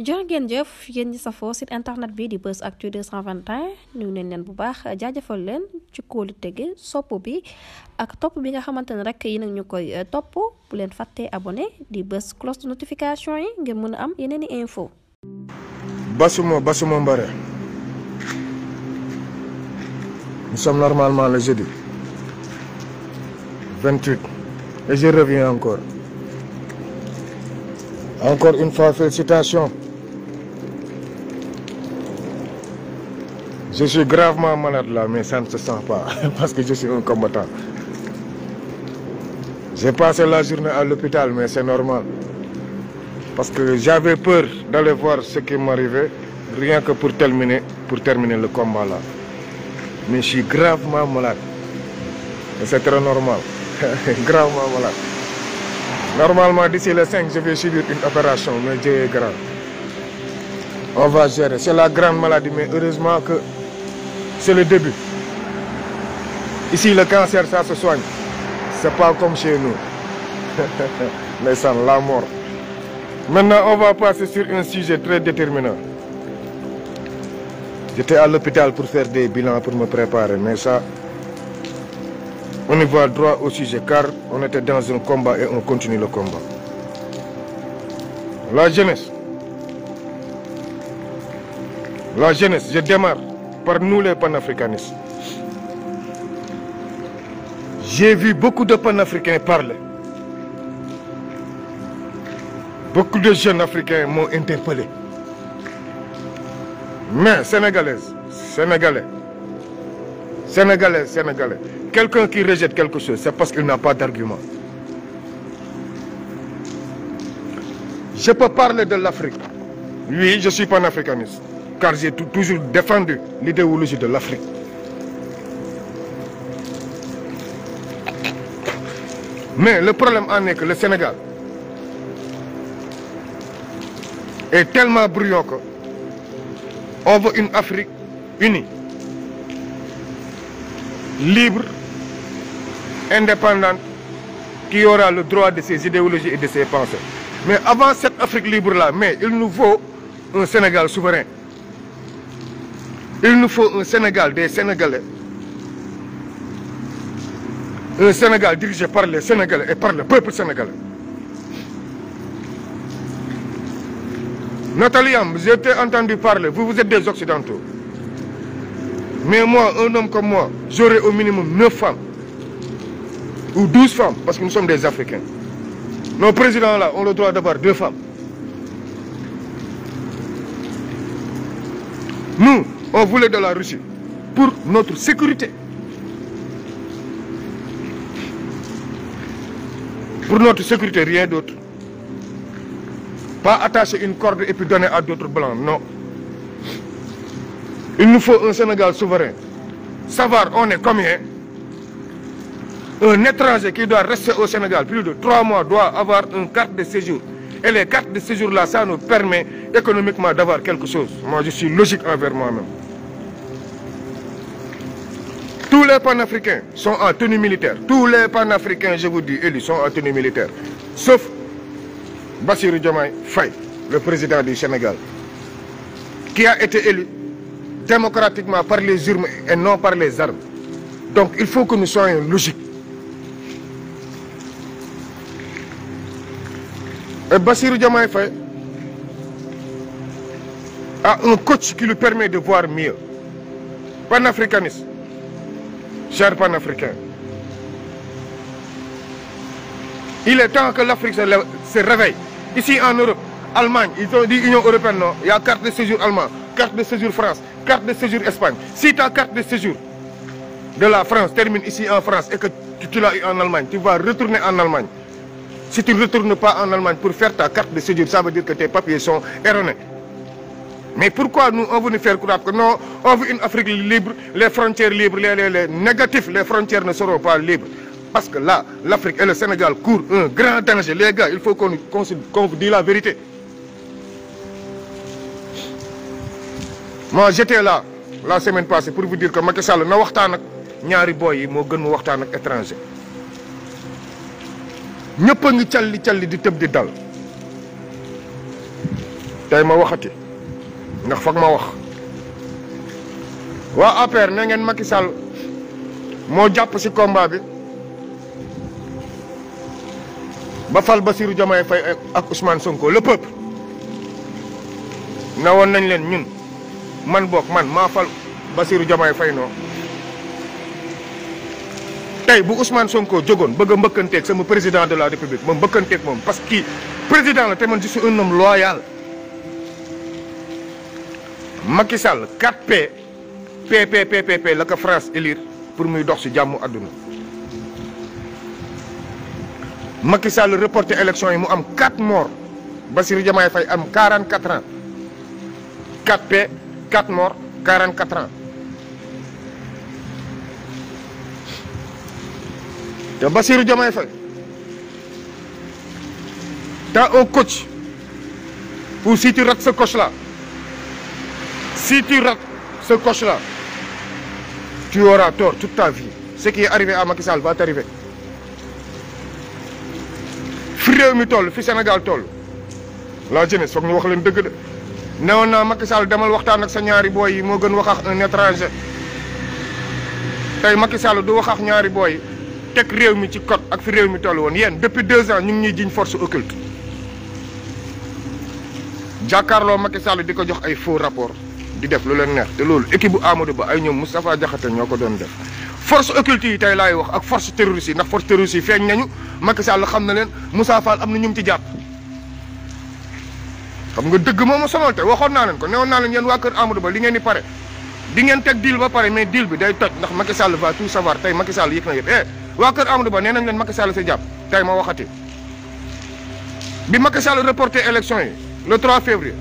jërë ngeen jëf yéen ñi safoo site internet bi di Buzz Actu 221 ñu neen bu baax jaajafal leen ci koolu tege sopp bi ak topp bi nga xamante ne rek yi nag ñu koy eh, topp bu leen fàttee abone di bës cloche de notification yi ngir mën a am yeneen i info basuma basuma mbare nous sommes normalement le jeudi 28 et je reviens encore encore une fois félicitations Je suis gravement malade là, mais ça ne se sent pas, parce que je suis un combattant. J'ai passé la journée à l'hôpital, mais c'est normal. Parce que j'avais peur d'aller voir ce qui m'arrivait, rien que pour terminer, pour terminer le combat là. Mais je suis gravement malade. Et c'est très normal. gravement malade. Normalement, d'ici le cinq je vais subir une opération, mais Dieu grand. On va gérer. C'est la grande maladie, mais heureusement que c'est le début. Ici, le cancer, ça se soigne. C'est pas comme chez nous. Mais ça, la mort. Maintenant, on va passer sur un sujet très déterminant. J'étais à l'hôpital pour faire des bilans, pour me préparer, mais ça, on y va droit au sujet, car on était dans un combat et on continue le combat. La jeunesse. La jeunesse, je démarre. par nous les panafricanistes. J'ai vu beaucoup de panafricains parler. Beaucoup de jeunes africains m'ont interpellé. Mais Sénégalaises, Sénégalais, Sénégalais, Sénégalais, quelqu'un qui rejette quelque chose, c'est parce qu'il n'a pas d'argument. Je peux parler de l'Afrique. Oui, je suis panafricaniste. car j'ai toujours défendu l'idéologie de l'Afrique. Mais le problème en est que le Sénégal est tellement bruyant que on veut une Afrique unie, libre, indépendante, qui aura le droit de ses idéologies et de ses pensées. Mais avant cette Afrique libre-là, mais il nous faut un Sénégal souverain. il nous faut un Sénégal des Sénégalais un Sénégal dirigé par les Sénégalais et par le peuple sénégalais Nathalie Am j'ai été entendu parler vous vous êtes des occidentaux mais moi un homme comme moi j'aurais au minimum neuf femmes ou femmes parce que nous sommes des Africains nos présidents là on le droit d'avoir deux femmes nous on de la Russie pour notre sécurité. Pour notre sécurité, rien d'autre. Pas attacher une corde et puis donner à d'autres blancs, non. Il nous faut un Sénégal souverain. Savoir on est combien. Un étranger qui doit rester au Sénégal plus de trois mois doit avoir une carte de séjour. Et les cartes de séjour là, ça nous permet économiquement d'avoir quelque chose. Moi, je suis logique envers moi-même. les panafricains sont en tenue militaire. Tous les panafricains, je vous dis, élus, sont en tenue militaire. Sauf Bassirou Diomaye Faye, le président du Sénégal, qui a été élu démocratiquement par les urnes et non par les armes. Donc il faut que nous soyons logiques. Et Bassirou Diomaye Faye a un coach qui lui permet de voir mieux. cher panafricain il est temps que l'Afrique se réveille ici en Europe Allemagne ils ont dit Union européenne non il y a carte de séjour allemand carte de séjour France carte de séjour Espagne si ta carte de séjour de la France termine ici en France et que tu l'as eu en Allemagne tu vas retourner en Allemagne si tu ne retournes pas en Allemagne pour faire ta carte de séjour ça dire que tes papiers sont Mais pourquoi nous, on veut nous faire croire que Afrique libre, les frontières libres, les, les, les négatifs, les frontières ne seront pas Parce que la l'Afrique et le Sénégal courent un grand danger. Les gars, il faut qu'on qu'on vous dise la vérité. Moi, j'étais là, la semaine passée, pour vous dire que Macky Sall na waxtaan ak ñaari boy yi moo gën mu waxtaan ak étranger. ñëpp a ngi calli calli di tëb di dal. tey ma waxati. ndax foog ma wax waa APR ne ngeen Macky Sall moo jàpp ci combat bi ba fal Bassirou Diomaye Faye ak Ousmane Sonko le peuple na woon nañ leen ñun man boog man maa fal Bassirou Diomaye Faye noo tey bu Ousmane Sonko jógoon bëgg a mbëkkanteeg sama président de la république moom mbëkkanteeg moom parce que président la te man je un homme loyal Macky Sall 4P PPPP la ko France élire pour muy dox ci jàmm àdduna Macky Sall reporté élection yi mu am 4 morts Bassirou Diomaye Faye am 44 ans 4P 4 morts 44 ans te Bassirou Diomaye Faye t'as un coach pour si tu rates ce coach Si tu rates ce coche-là, tu auras tort toute ta vie. Ce arrivé à Macky Sall va fi réew mi toll fi Sénégal toll la jeunesse foog ñu wax leen dëgg de newoon naa Macky Sall demal waxtaan ak sa ñaari booy yi moo gën wax ak un étranger tey Macky du wax ñaari booy yi réew mi ci code ak fi réew mi toll woon yéen depuis deux ans ñu ngi ñuy jiñ force occulte jàkkaarloo Macky Sall di ko jox ay faux rapport di def lu leen neex te loolu équipe bu Amadou Ba ay ñoom Moustapha Diakhaté ñoo ko doon def force occulte yi tey laay wax ak force terroriste yi ndax force terroriste yi feeñ nañu Macky Sall xam na leen Moussa Fall am na ñu mu ci jàpp xam nga dëgg moom a sonal te waxoon naa leen ko newoon naa leen yéen waa kër Amadou Ba li ngeen di pare di ngeen teg deal ba pare mais deal bi day toj ndax Macky Sall va tout tey Macky Sall yëg na yëpp eh waa kër Amadou Ba nee nañ leen jàpp tey ma waxati bi Macky Sall reporté élection yi le 3 février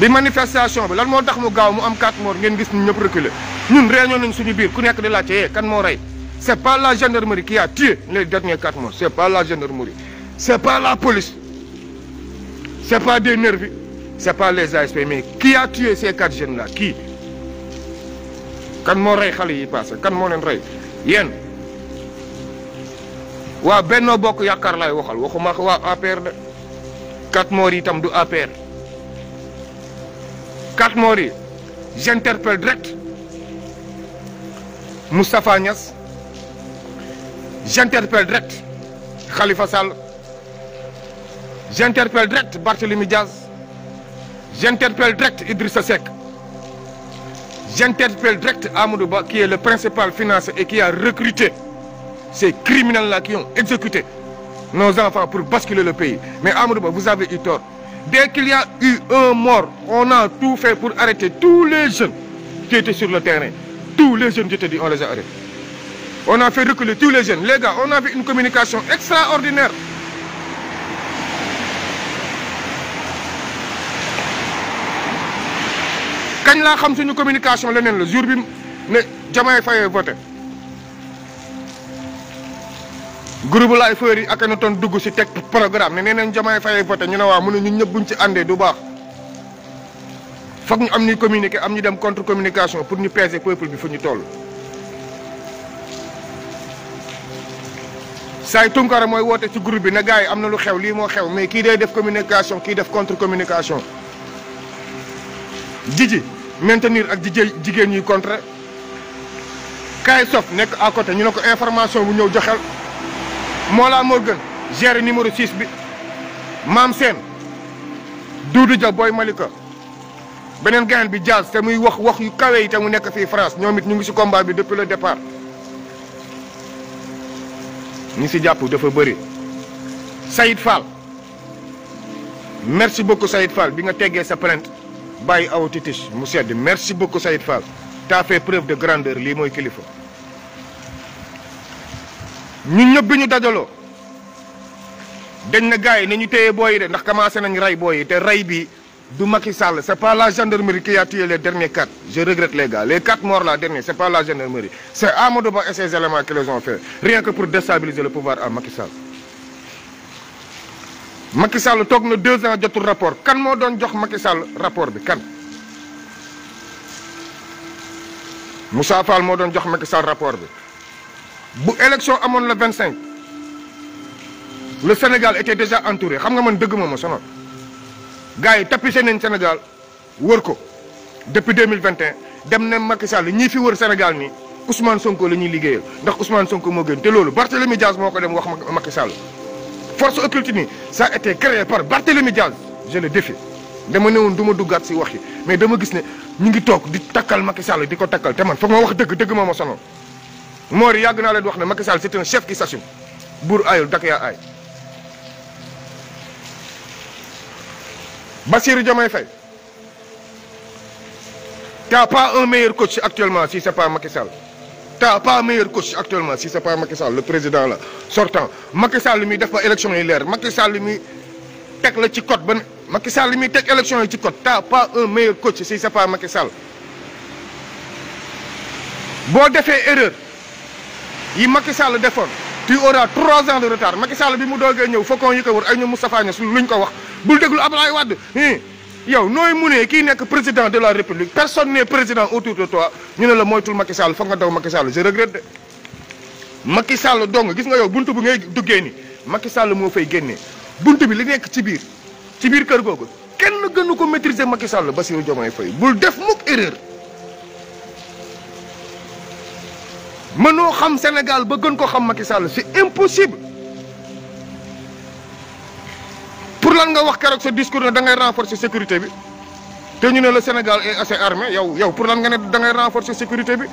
bi manifestation bi lan moo tax mu gaaw mu am quatre moor ngeen gis ñun ñëpp reculer ñun réunion nañ suñu biir ku nekk di laajte yee eh, kan moo rey c' est pas la gendarmerie qui a tué les derniers quatre morts c' est pas la gendarmerie c' est pas la police c' est pas des nervis c' est pas les ASP mais qui a tué ces quatre jeunes là kii kan moo rey xale yi passé kan moo leen rey yéen waa Benno Bokk Yaakaar laay waxal waxuma waa APR de quatre morts yi itam du APR. quatre morts yi j'interpelle direct Moustapha Niass j'interpelle direct Khalifa Sall j'interpelle direct Barthélémy Diaz j'interpelle direct Idrissa Seck j'interpelle direct Amadou Ba qui est le principal financier et qui a recruté ces criminels-là qui ont exécuté nos enfants pour basculer le pays mais Amadou Ba vous avez eu tort Dès qu'il y a eu un mort, on a tout fait pour arrêter tous les jeunes qui sur le terrain. Tous les jeunes, je te dis, on les a arrêtés. On a fait reculer tous les jeunes. Les gars, on avait une communication extraordinaire. Quand la communication, le jour où Jamaï Faye voté. groupe laay feur yi ak dugg si teg programme ne nee nañ Diomaye Faye voté ñu ne waaw mu ne ñun ñëpp ci àndee du baax foog ñu am ñuy communiqué am ñu dem contre communication pour ñu peser peuple bi fu ñu toll. saay Tunkara mooy woote ci groupe bi na gars yi am na lu xew lii moo xew mais kii day def communication kii def contre communication jiji maintenir ak jije jigéen ñuy contre kaay sof nekk à côté ñu ne ko information bu ñëw joxel Mollah Morgun géré numéro 6 bi Maam Sène Doudou Dia Boy Malika beneen gaynde bi Diaz te muy wax wax yu kawe yi te mu nekk fii France ñoom it ñu ngi ci combat bi depuis le départ ñi si jàpp dafa bëri Saïd Fall merci beaucoup Saïd Fall bi nga teggee sa plainte bàyyi aw titiche mu sedd merci beaucoup Saïd Fall t'as fait preuve de grandeur lii mooy kilifa ñun ñëpp bi ñu dajaloo dañ na gars yi ni ñu téye booy yi de ndax commencé nañ rey booy yi te rey bi du Macky Sall c' est pas la gendarmerie qui a tué les derniers quatre je regrette les gars les quatre morts là derniers c' est pas la gendarmerie c' est Ba et ses les ont fait rien que pour déstabiliser le pouvoir à Macky Sall. Macky Sall toog na deux ans jotul rapport kan moo doon jox Macky Sall rapport bi kan Moussa moo doon jox Macky Sall rapport bi. bu élection amoon le vingt cinq le Sénégal été déjà entouré xam nga man dëgg ma ma sonal gars yi tapissé nañ Sénégal wër ko depuis deux mille vingt et un dem ne Macky Sall ñii fi wër Sénégal nii Ousmane Sonko la ñuy liggéeyal ndax Ousmane Sonko moo gën te loolu Barthélemy Diaz moo ko dem wax Macky Sall force occulte nii ça a été créé par Barthélemy Diaz je le défie dama ne woon du ma duggaat si wax yi mais dama gis ne ñu ngi toog di takkal Macky Sall di ko takkal te man foog ma wax dëgg dëgg ma ma Mor yàgg naa leen wax ne Macky Sall c'est un chef qui s'assume buur aayul dak yaa aay Bassirou Diomaye Faye t'as pas un meilleur coach actuellement si c'est pas Macky Sall t'as pas meilleur coach actuellement si c'est pas Macky Sall président la sortant Macky Sall li muy def ba élection yi leer Macky Sall li muy teg la ci cot ba Macky Sall li muy teg élection yi ci code t'as pas un meilleur coach si c'est pas Macky boo defee erreur. yi Macky Sall defoon tu auras trois ans de retard Macky bi mu doogee ñëw fokkon yi ko wër ay ñoom Moustapha Niass luñ ko wax bul déglu Abdoulaye Wade yow nooy munee kii nekk président de la république personne n'est président autour de toi ñu ne la moytul Macky Sall foog nga daw Macky Sall je regrette de Macky Sall dong gis nga yow bunt bu ngay duggee ni Macky Sall moo fay génnee buntu bi li nekk ci biir ci biir kër googu kenn gënu ko maîtriser Macky Sall Bassirou Diomaye Faye bul def mukk mënoo xam Sénégal ba gën ko xam Macky Sall c'est impossible pour lan nga wax keroog sa discours ne da ngay renforcer sécurité bi te ñu ne le Sénégal est assez armé yow yow pour lan nga ne da ngay renforcer sécurité bi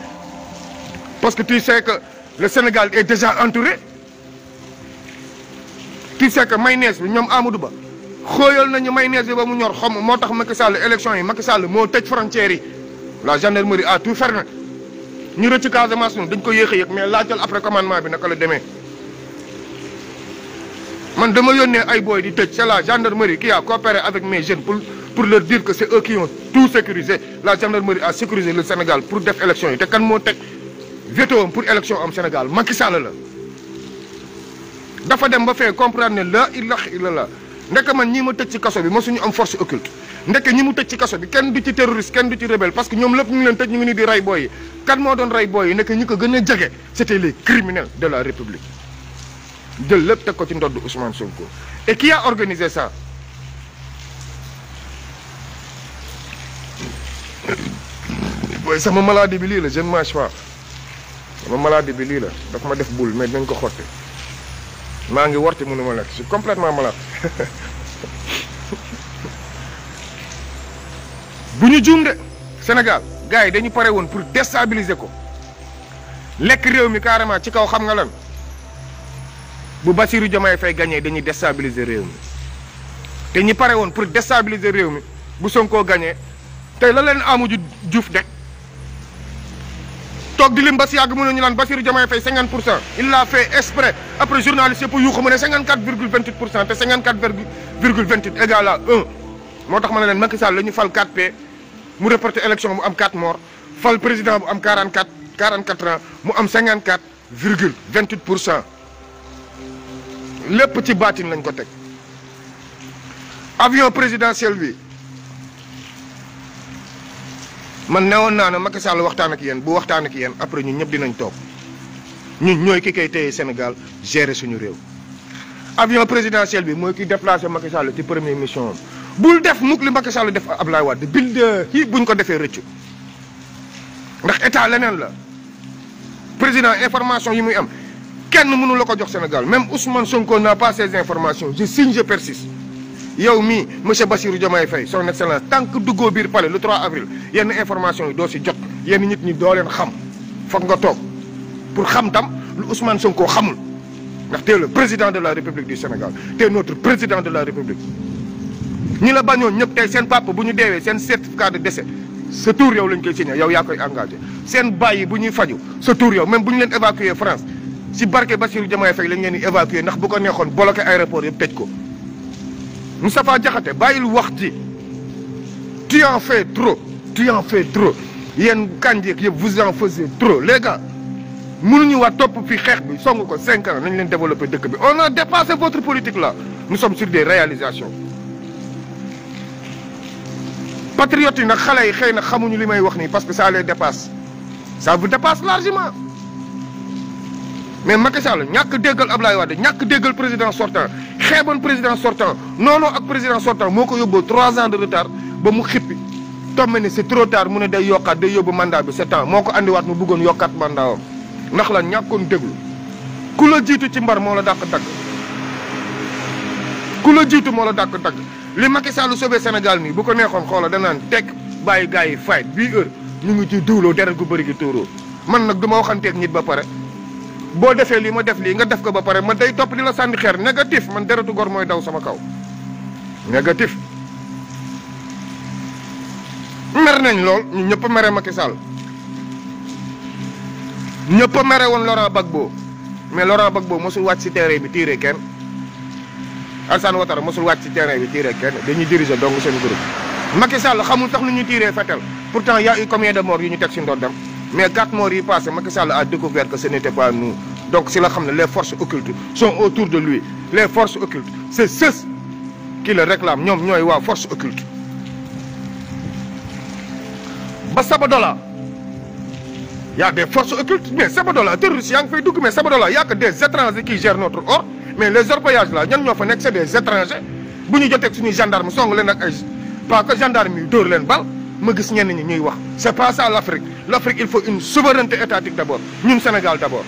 parce que tu sais que le Sénégal est déjà entouré tu sais que mayonnaise bi ñoom Amadou Ba xóoyal nañu mayonnaise bi ba mu ñor xom moo tax Macky Sall élection yi Macky Sall moo tëj frontières yi la gendarmerie a tout fermé. ñu rëcc Casamance moom dañ ko yéex a yëg mais laajal après commandement bi naka la demee man dama yónnee ay booy di tëj c'est la gendarmerie qui a coopéré avec mes jeunes pour pour leur dire que c'est eux qui ont tout sécurisé la gendarmerie a sécurisé le Sénégal pour def élection yi te kan moo teg veto pour élection am Sénégal Macky Sall la dafa dem ba fee comprendre ne la ilaha la ndek man ñii ma tëj ci kaso bi suñu am force occulte ndekk ñi mu tëj ci kaso bi kenn du ci terroriste kenn du ci rebelle parce que ñoom lépp ñu ngi leen tëj ñu ngi nii di rey booy yi kan moo doon rey booy yi nekk ñi ko gën a jege c'était les criminels de la république jël lépp teg ko ci ndodd Ousmane Sonko et qui a organisé ça booy sama maladie bi lii la je ne mange sama maladie bi lii la daf ma def boule mais dañ ko xotti maa ngi warti mënu ma lekk je completement complètement bu ñu juum de Sénégal gars yi dañu pare woon pour destabiliser ko lekk réew mi carrément ci kaw xam nga lan bu Bassirou Diomaye Faye gagné dañuy déstabiliser réew mi te ñi pare woon pour déstabiliser réew mi bu Sonko gagné tey la leen amuju Diouf de toog di ba si yàgg mën nañu lan Bassirou Diomaye Faye 50 pour cent il fait exprès après journaliste yëpp yuuxu mu ne 54 virgule 28 pour cent te 54 virgule 28 égal à 1. moo tax ma ne leen Macky Sall la ñu fal 4P mu reporté élection bu am 4 morts fal président bu am 44 44 ans mu am 54 virgule 28 pour cent lépp ci baatin lañ ko teg avion présidentiel bi man newoon naa ne Macky waxtaan ak yéen bu waxtaan ak yéen après ñu ñëpp dinañ toog ñu ñooy ki koy téye Sénégal gérer suñu réew avion présidentiel bi mooy ki déplacé Macky Sall ci première mission am bul def mukk li Macky Sall def Abdoulaye Wade bil kii buñ ko defee rëccu ndax état leneen la président information yi muy am kenn mënu la ko jox Sénégal même Ousmane Sonko n'a pas information informations je signe je persiste yow mii monsieur Bassirou Diomaye Faye son excellence tant que duggoo biir palais le 3 avril yenn information yi doo si jot yenn nit ñi doo leen xam foog nga toog pour xam tam lu Ousmane Sonko xamul ndax tey le président de la République du Sénégal tey notre président de la République ñi la bañoon ñëpp tey seen papa bu ñu deewee seen certificat de décès sa tur yow lañ koy signé yow yaa koy engagé seen bàyyi bu ñuy faju sa tur yow même bu ñu leen évacué France si barke Bassirou Diomaye Faye lañ leen di évacué ndax bu ko neexoon bloqué aéroport yëpp tëj ko Moustapha Diakhaté bàyyil wax ji tu en fais trop tu en fais trop yéen kànjeeg yëpp vous en faisiez trop les gars mënuñu waa topp fi xeex bi song ko cinq ans nañ leen développé dëkk bi on a dépassé votre politique là nous sommes sur des réalisations patriotes yi nag xale yi xëy na xamuñu li may wax nii parce que ça les dépasse ça vous dépasse largement mais Macky Sall ñàkk déggal wax Wade ñàkk déggal président sortant xeeboon président sortant noonu ak président sortant moo ko yóbboo trois ans de retard ba mu xippi tomme ni c'est trop tard mu ne day yokkaat day yóbbu mandat bi sept ans moo ko indiwaat mu bëggoon yokkaat mandat wam ndax la ñàkkoon déglu ku la jiitu ci mbar moo la dàq dagg la jiitu moo la dàq dagg li Macky Sall sauvé Sénégal nii bu ko neexoon xoola danaan teg bàyyi gars yi fight bii heure ñu ngi ci duuloo deret gu bari gi tuuroo man nag du ma waxanteeg nit ba pare boo defee lii ma def lii nga def ko ba pare ma day topp di la sànni xeer négatif man deretu gor mooy daw sama kaw négatif mer nañ lool ñu ñëpp mere Macky Sall ñëpp mere woon Laurent Gbagbo mais Laurent Gbagbo mosul wàcc si terrain bi tiiree kenn Alassane Ouattara mosul wàcc ci terrain bi tiiree kenn dañuy diriger donc seen groupe Macky Sall xamul tax nu ñu tiiree fetel pourtant y a eu combien de morts yu ñu teg si ndoddam mais quatre morts yi passé Macky Sall a découvert que ce n'était pas donc si la xam ne les forces occultes sont autour de lui les forces occultes c'est ceux qui le réclament ñoom ñooy waa force occulte ba Sabadola y a des forces occultes mais Sabadola terroriste yaa ngi fay dugg mais Sabadola y a que mais les orpaillages là ñan ñoo fa nekk c'est des étrangers bu ñu jotee suñuy gendarme song leen ak ay pas que gendarme yi dóor leen bal ma gis ñenn ñi ñuy wax c'est pas ça l'Afrique l'Afrique il faut une souveraineté étatique d'abord ñun Sénégal d'abord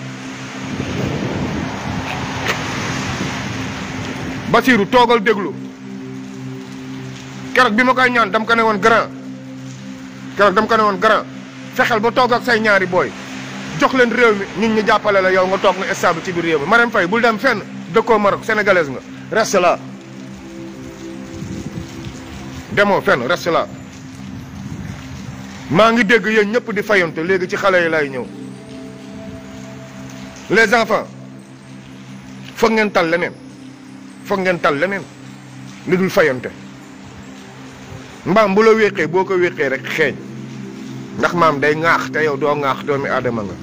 Bassirou toogal déglu keroog bi ma koy ñaan dam ko ne woon grand keroog dam ko ne woon grand fexeel ba toog ak say ñaari booy jox leen réew mi ñun ñu jàppale la yow nga toog nga stable ci biir réew mi Marème Faye bul dem dëkkoo Maroc sénégalaise nga reste là demoo fenn reste maa ngi dégg yéen ñëpp di fayonte léegi ci xale yi laay ñëw les enfants foog ngeen tal leneen foog ngeen tal leneen li dul fayonte mbaam bu la wéqee boo ko wéqee rek xeeñ ndax maam day ŋaax te yow doo ŋaax doomi adama nga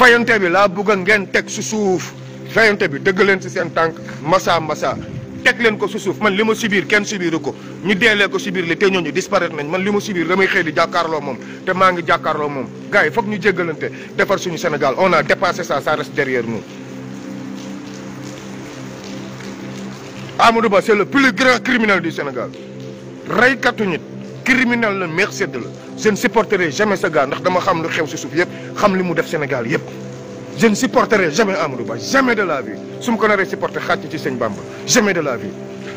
fayante bi laa bëgg ngeen teg su suuf fayante bi dëgg leen si seen tànk massa massa teg leen ko su suuf man li ma subir kenn subiru ko ñu deelee ko subir li te ñooñu disparaître nañ man li ma subir damay xëy di jàkkaarloo moom te maa ngi jàkkaarloo moom gars yi foog ñu jéggalante defar suñu Sénégal on a dépassé ça ça reste derrière nous. Amadou Ba c'est le plus grand criminel du Sénégal reykatu nit. criminel la merced la je ne supporterai jamais ce gars ndax dama xam lu xew si suuf yëpp xam li mu def Sénégal yëpp je ne supporterai jamais Amadou Ba jamais de la vie su ma ko naree supporter xàcc ci sëñ Bamba jamais de la vie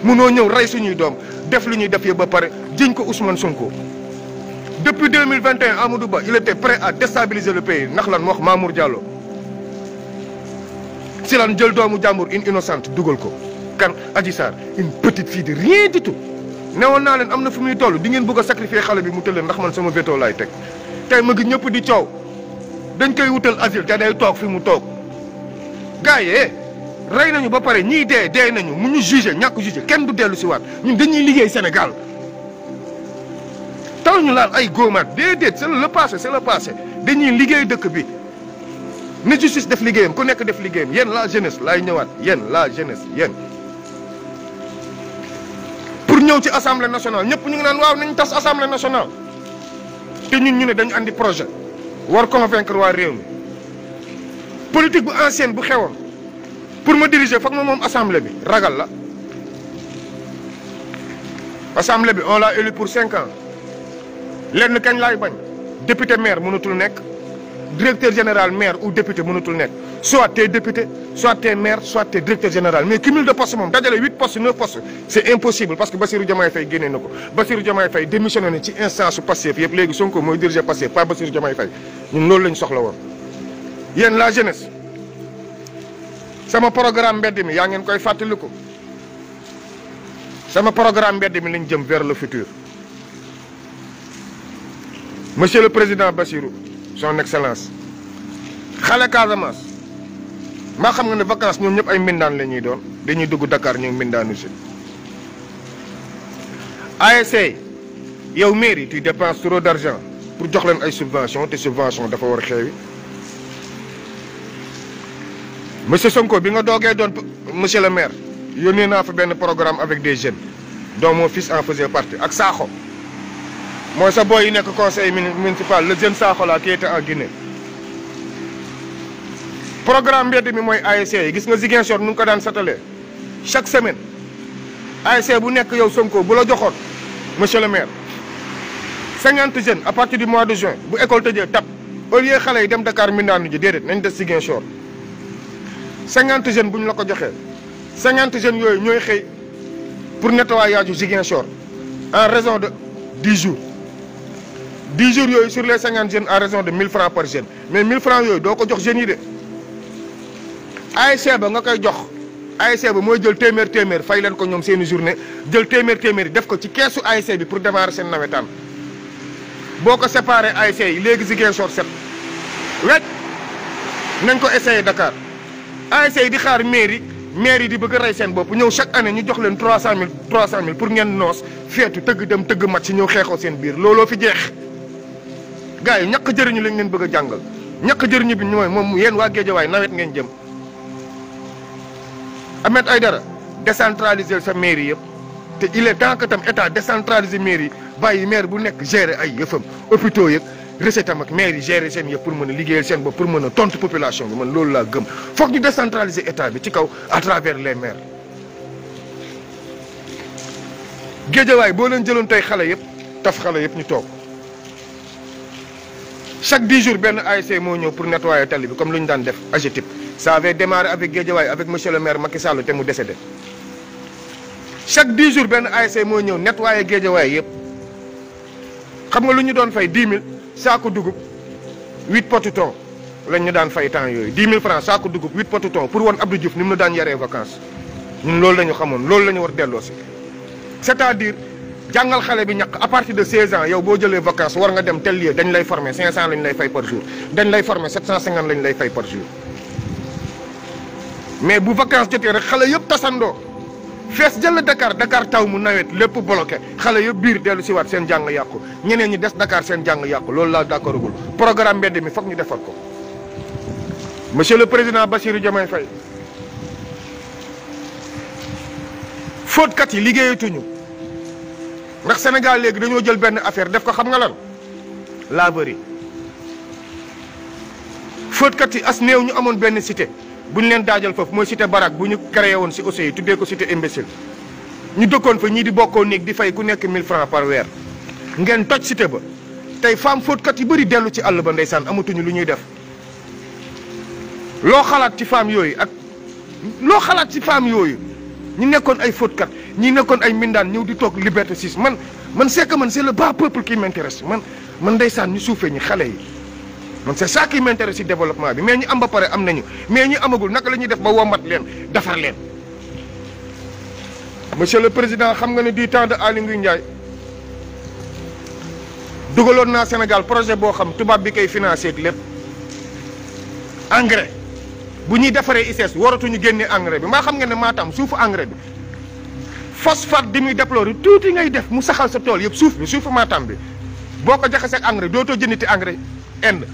munoo ñëw rey suñuy doom def li ñuy def yëpp ba pare jiñ ko Ousmane Sonko. depuis 2021 Amadou Ba il était prêt à déstabiliser le pays ndax lan wax Mamour Diallo si lan jël doomu jàmbur une innocente dugal ko kan Adji Sarr newoon naa leen am na fu muy toll di ngeen bëgg a sacrifier xale bi mu tëlleen ndax man sama veto laay teg tey ma gi ñëpp di coow dañ koy wutal asile te toog fi mu toog gars yi eh, rey nañu ba pare ñii dee dee nañu mu ñu jugé ñàkk jugé kenn du dellu si waat ñun dañuy liggéey Sénégal taw ñu laal ay góomaat déedéet c'est le passé c'est le passé dañuy liggéey dëkk bi na justice def liggéeyam ku nekk def liggéeyam yéen la jeunesse laay ñëwaat yéen la jeunesse yéen ñëw ci assemblée nationale ñëpp ñu ngi naan waaw nañ tas assemblée nationale te ñu ñu ne dañu andi projet war convaincre waa réew mi politique bu ancienne bu xewoon pour ma diriger foog ma moom assemblée bi ragal la assemblée bi on l'a élu pour cinq ans lenn kañ laay bañ député maire mënatul nekk directeur général maire u député mënatul nekk soit t'es député soit te maire soit t'es directeur général mais cumul de poste moom dajale huit postes neuf postes c'est impossible parce que Bassirou Diomaye Faye génne na ko Bassirou Diomaye Faye démissionné na ci instance su Pastef yëpp léegi Sonko mooy diriger Pastef pas Bassirou Diomaye Faye ñun loolu lañ soxla woon yéen la jeunesse sama programme mbedd mi yaa ngeen koy fàttali ko sama programme mbedd mi lañ jëm vers le futur monsieur le président basiru son excellence xale maa xam nga ne vacances ñoom ñëpp ay mbindaan la ñuy doon dañuy dugg Dakar ñu mbindaanu si ASC yow mairie tu dépenses trop d'argent pour jox leen ay subvention te subvention dafa war xeewi monsieur Sonko bi nga doogee doon monsieur le maire yónnee naa fa benn programme avec des jeunes dont mon fils en faisait partie ak Sakho mooy sa boy yi nekk conseil municipal le jeune Sakho la qui était en Guinée programme mbedd mi mooy ASC yi gis nga Ziguinchor nu ngi ko daan satalee chaque semaine ASC bu nekk yow Sonko bu la joxoon monsieur le maire cinquante jeunes à partir du mois de juin bu école tëjee tap au lieu xale yi dem Dakar mbindaanu ji déedéet nañ des Ziguinchor cinquante jeunes bu ñu la ko joxee cinquante jeunes yooyu ñooy xëy pour nettoyage Ziguinchor en raison de dix jours dix jours yooyu sur les cinquante jeunes en raison de mille francs par jeune yooyu doo ko jox ASC e ba nga koy jox ASC e ba mooy jël téeméer téeméer fay leen ko ñoom seeni journée jël téeméer téeméer def ko ci keesu ASC e bi pour démarrer seen nawetaan boo ko séparé ay yi léegi Ziguinchor set wet nañ ko essayé Dakar ASC yi di xaar mairie mairie di bëgg a rey seen bopp ñëw chaque année ñu jox leen trois cent mille trois cent mille pour ngeen noos feetu tëgg dem tëgg mat si ñëw xeexoo seen biir looloo fi jeex gars yi ñàkk jëriñu lañ leen bëgg jàngal ñàkk jëriñu bi mooy moom yéen waa Géejawaay nawet ngeen jëm ay dara décentraliser sa mairie yëpp te il est temps que tam état décentraliser mairie yi bàyyi maire bu nekk gérer ay yëfam hôpitaux yëpp recette ak maire yi gérer seen yëpp pour mën a liggéeyal seen bopp pour mën a tontu population bi man loolu laa gëm foog ñu décentraliser état bi ci kaw à travers les maires. géejawaay boo leen jëloon tey xale yëpp taf xale yëpp ñu toog chaque dix jours benn ASC moo ñëw pour nettoyer tali bi comme lu ñu daan def AGETIP. Ça avait démarré avec Guédiawaye avec monsieur le maire Macky Sall te mu de chaque 10 jours benn ASC mooy ñëw nettoyé Guédiawaye yëpp xam nga lu ñu doon fay 10 000 saako dugub 8 potitons lañ ñu daan fay temps yooyu 10 000 francs saako dugub 8 potitons pour wan Abdou Diouf ni mu daan yaree vacances ñun loolu la ñu xamoon loolu la ñu war delloo si c'est-à-dire jàngal xale bi ñàkk à partir de 16 ans yow boo jëlee vacances war nga dem tel lieu lay fay par mais bu vacances jotee rek xale yëpp tasandoo fees jël dakaar Dakar taw mu nawet lépp bloqué xale yëpp biir dellu siwaat seen jàng yàqu ñeneen ñi des dakaar seen jàng yàqu loolu laa d'accordagul programme mbedd mi foog ñu defar ko monsieur le président Bassirou Diomaye Faye fóotkat yi liggéeyatuñu ndax Sénégal léegi dañoo jël benn affaire def ko xam nga lan laa bëri fóotkat yi as néew ñu amoon benn cité bu ñu leen daajal foofu mooy cité barak bu ñu créé woon si Ousseye tuddee ko cité imbécile ñu dëkkoon fa ñii di bokkoo néeg di fay ku nekk 1000 francs par weer ngeen toj cité ba tey femme fóotkat yi bëri dellu ci àll ba ndeysaan amatuñu lu ñuy def loo xalaat ci femme yooyu ak loo xalaat ci femme yooyu ñu nekkoon ay fóotkat ñi nekkoon ay mbindaan ñëw di toog liberté 6 man man c'est que man c'est le bas peuple qui m'intéresse man man ndeysaan ñu suufee ñi xale yi man c'est ça qui m'intéresse ci développement bi mais ñu am ba pare am nañu mais ñu amagul naka lañuy def ba wombat leen defar leen. monsieur le président xam nga ne du temps de Aly Ngouille Ndiaye dugaloon naa Sénégal projet boo xam tubaab bi koy financé ak lépp engrais bu ñuy defaree ICS waratuñu génne engrais bi maa xam nga ne Matam suufu engrais bi phosphate di muy déploré tuuti ngay def mu saxal sa tool yëpp suuf bi suufu maatam bi boo ko jaxasee ak engrais dootoo jëndati engrais Inde.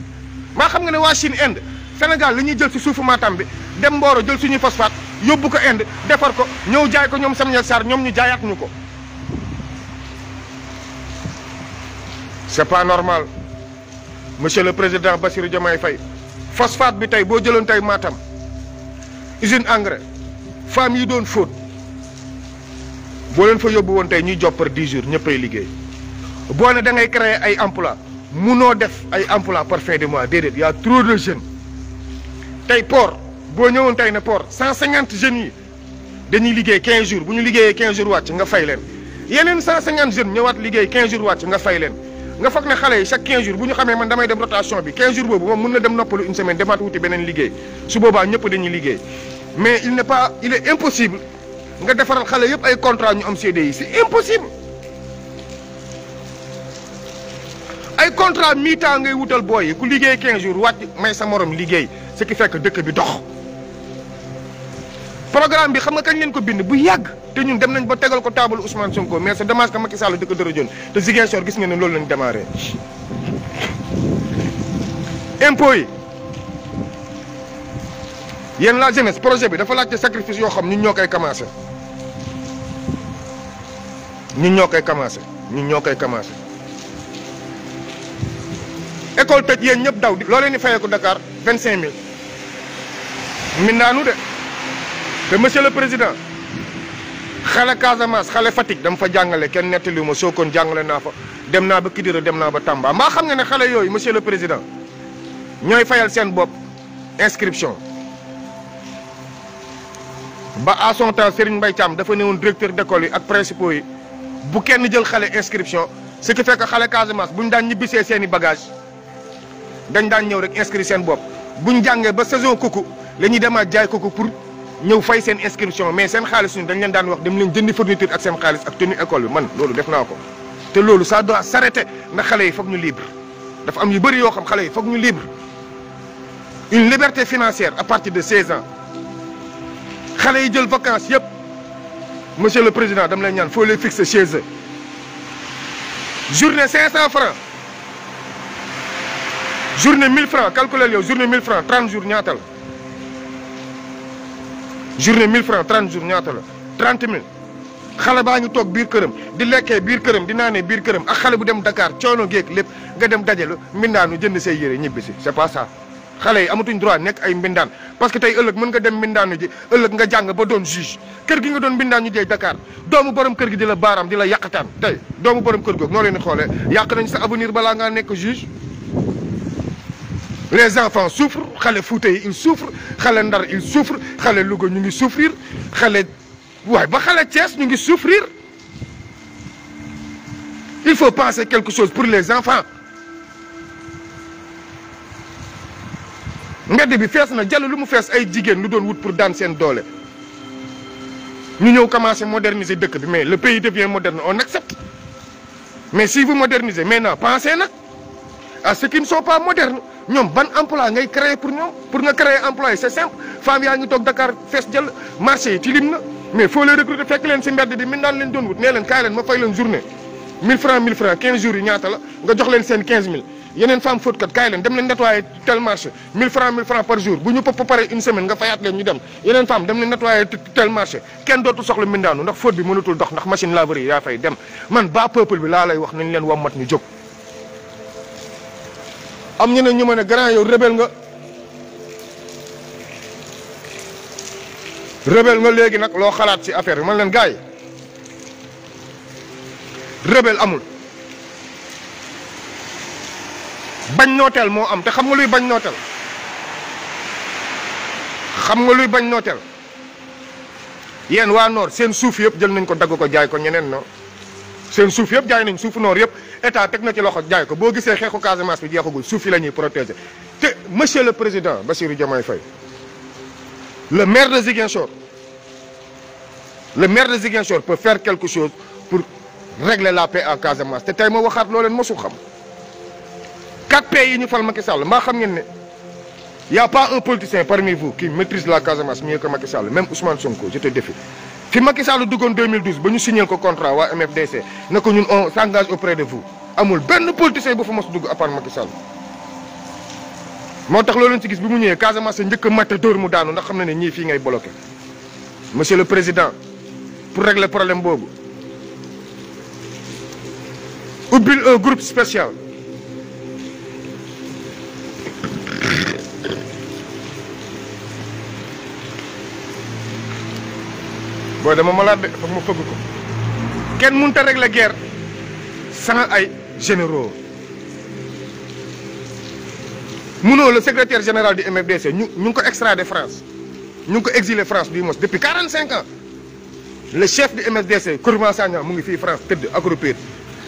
maa xam nga ne waa Chine Inde Sénégal li ñuy jël si suufu maatam bi dem Mboro jël suñuy phosphate yóbbu ko Inde defar ko ñëw jaay ko ñoom Samuel Sarr ñoom ñu jaayaat ñu ko. c'est pas normal monsieur le président Bassirou Diomaye fay phosphate bi tey boo jëloon tey maatam usine engrais femmes yi doon fóot boo leen fa yóbbu woon tey ñuy joppar 10 jours ñëppay liggéey boo ne da ngay créer ay emploi munoo def ay emploi par de mois déedéet y' a trop de jeunes tey por boo ñëwoon tey ne port cent cinquante jeunes yi dañuy liggéey quinze jours bu ñu liggéeyee quinze jours wàcc nga fay leen yeneen cent cinquante jeunes ñëwaat liggéey quinze jours wàcc nga fay leen nga foog ne xale yi chaque quinze jours bu ñu xamee man damay dem rotation bi quinze jours boobu moom mën na dem noppalu une semaine demaat wuti beneen liggéey su boobaa ñëpp mais il nga defaral xale yëpp ay contrat ñu am CDI c'est impossible ay contrat mi temps ngay wutal booy yi ku liggéey 15 jours wàcc may sa morom liggéey ce ki fekk dëkk bi dox. programme bi xam nga kañ leen ko bind bu yàgg te ñun dem nañ ba tegal ko table Ousmane Sonko mais c'est dommage que Macky Sall dëkk dara joon te Ziguinchor gis nga ne loolu lañ démarré. impôts yi yéen la jeunesse projet bi dafa laajte sacrifice yoo xam ñun ñoo koy commencé ñun ñoo koy commencé ñun ñoo koy commencé. école tëj yéen ñëpp daw loo leen di fayeeku Dakar vingt cinq mille min naanu de te monsieur le président xale Casamance xale Fatick dama fa jàngale kenn nettali ma Sokone jàngale naa fa dem naa ba Kidira dem naa ba Tamba mbaa xam nga ne xale yooyu monsieur le président ñooy fayal seen bopp inscription ba à son temps Serigne Mbaye Thiam dafa newoon directeur d'école yi ak principaux yi bu kenn jël xale inscription ce qui fekk que xale Casamance bu ñu daan ñibbisee seeni i dañ daan ñëw rek inscrire seen bopp buñ jàngee ba saison kooku la demaat jaay kooku pour ñëw fay seen inscription mais seen xaalis ñu dañ leen daan wax dem leen jëndi fourniture ak seen xaalis ak tenue école bi man loolu def naa ko. te loolu ça doit s'arrêter ndax xale yi foog ñu libre dafa am yu bëri yoo xam xale yi foog ñu libre une liberté financière à partir de 16 ans xale yi jël vacances yëpp monsieur le président dama lay ñaan foo les fixer chez eux journée 500 francs. journée 1000 francs calculel yow journée 1000 francs 30 jours ñaata la journée 1000 francs 30 jours ñaata la 30 xale baa ñu toog biir këram di lekkee biir këram di naanee biir këram ak xale bu dem dakaar coono géeg lépp nga dem dajalu mbindaanu jënd say yére ñibbi si c'est pas ça xale yi amatuñ droit nekk ay mbindaan parce que tey ëllëg mën nga dem mbindaanu ji ëllëg nga jàng ba doon juge kër gi nga doon mbindaan ñu jey Dakar doomu borom kër gi di la baaram di la yàqataan tey doomu borom kër googu noo leen xoolee yàq nañ sa avenir balaa ngaa nekk juge les enfants souffrent xale Fouta yi ils souffrent xale Ndar ils souffrent xale Louga ñu ngi souffrir xale waaye ba xale Thiès ñu ngi souffrir il faut penser quelque chose pour les enfants mbedd bi fees na jàll lu mu fees ay jigéen lu doon wut pour daan seen doole ñu ñëw commencé moderniser dëkk bi mais le pays devient moderne on accepte mais si vous mais maintenant pensez nag à ceux qui ne sont pas modernes ñoom ban emploi ngay créer pour ñoom pour nga créer emploi c'est simple femmes yaa ngi toog Dakar fees jël marché yi tilim na mais foo leen recruter fekk leen si mbedd di min daan leen doon nee leen kaay leen ma fay leen journée 1000 francs 1000 francs par jour bu ñu pop pare une semaine nga fayaat leen ñu dem yeneen femme dem leen nettoyer tel marché kenn dootul soxla mbindaanu ndax fóot bi mënatul dox ndax machine wax nañ leen wommat ñu jóg am ñu ne ñu ma ne grand yow rebel nga rebel nga léegi nag loo xalaat ci affaire bi man leen gars yi amul bañ nooteel moo am te xam nga luy bañ nooteel xam nga luy bañ nooteel yéen waa noor seen suuf yëpp jël nañ ko dagg ko jaay ko ñeneen no seen suuf yëpp jaay nañ suufu noor yëpp état teg na ci loxo jaay ko boo gisee xeexu Casamance bi jeexagul suuf yi la ñuy protéger te monsieur le président u Diomaye Faye le maire de Ziguinchor le maire de Ziguinchor peut faire quelque chose pour régler la paix en Casamance te tey ma waxaat loo leen mosul xam quatre pays yi ñu fal Macky Sall mbaa xam ngeen ne y' a pas un politicien parmi vous qui maîtrise la Casamance mieux que Macky Sall même Ousmane Sonko je te défie fi Macky Sall duggoon 2012 ba ñu signé ko contrat waa MFDC na ko ñun on s'engage auprès de vous amul benn politicien bu fa mos dugg à part moo tax loolu leen ci gis bi mu ñëwee Casamance njëkk a matt dóor mu daanu ndax xam na ne ñii fi ngay bloqué monsieur le président pour régler problème boobu ubbil un groupe spécial. koy dama malade de foog ma fëgg ko kenn mënut a la guerre sans ay généraux munoo le secretaire général du MFDC ñu ñu ngi ko de France ñu ngi ko exilé France du moins depuis 45 ans le chef du MFDC Kourouma Sagna mu ngi fi France tëdd accroupir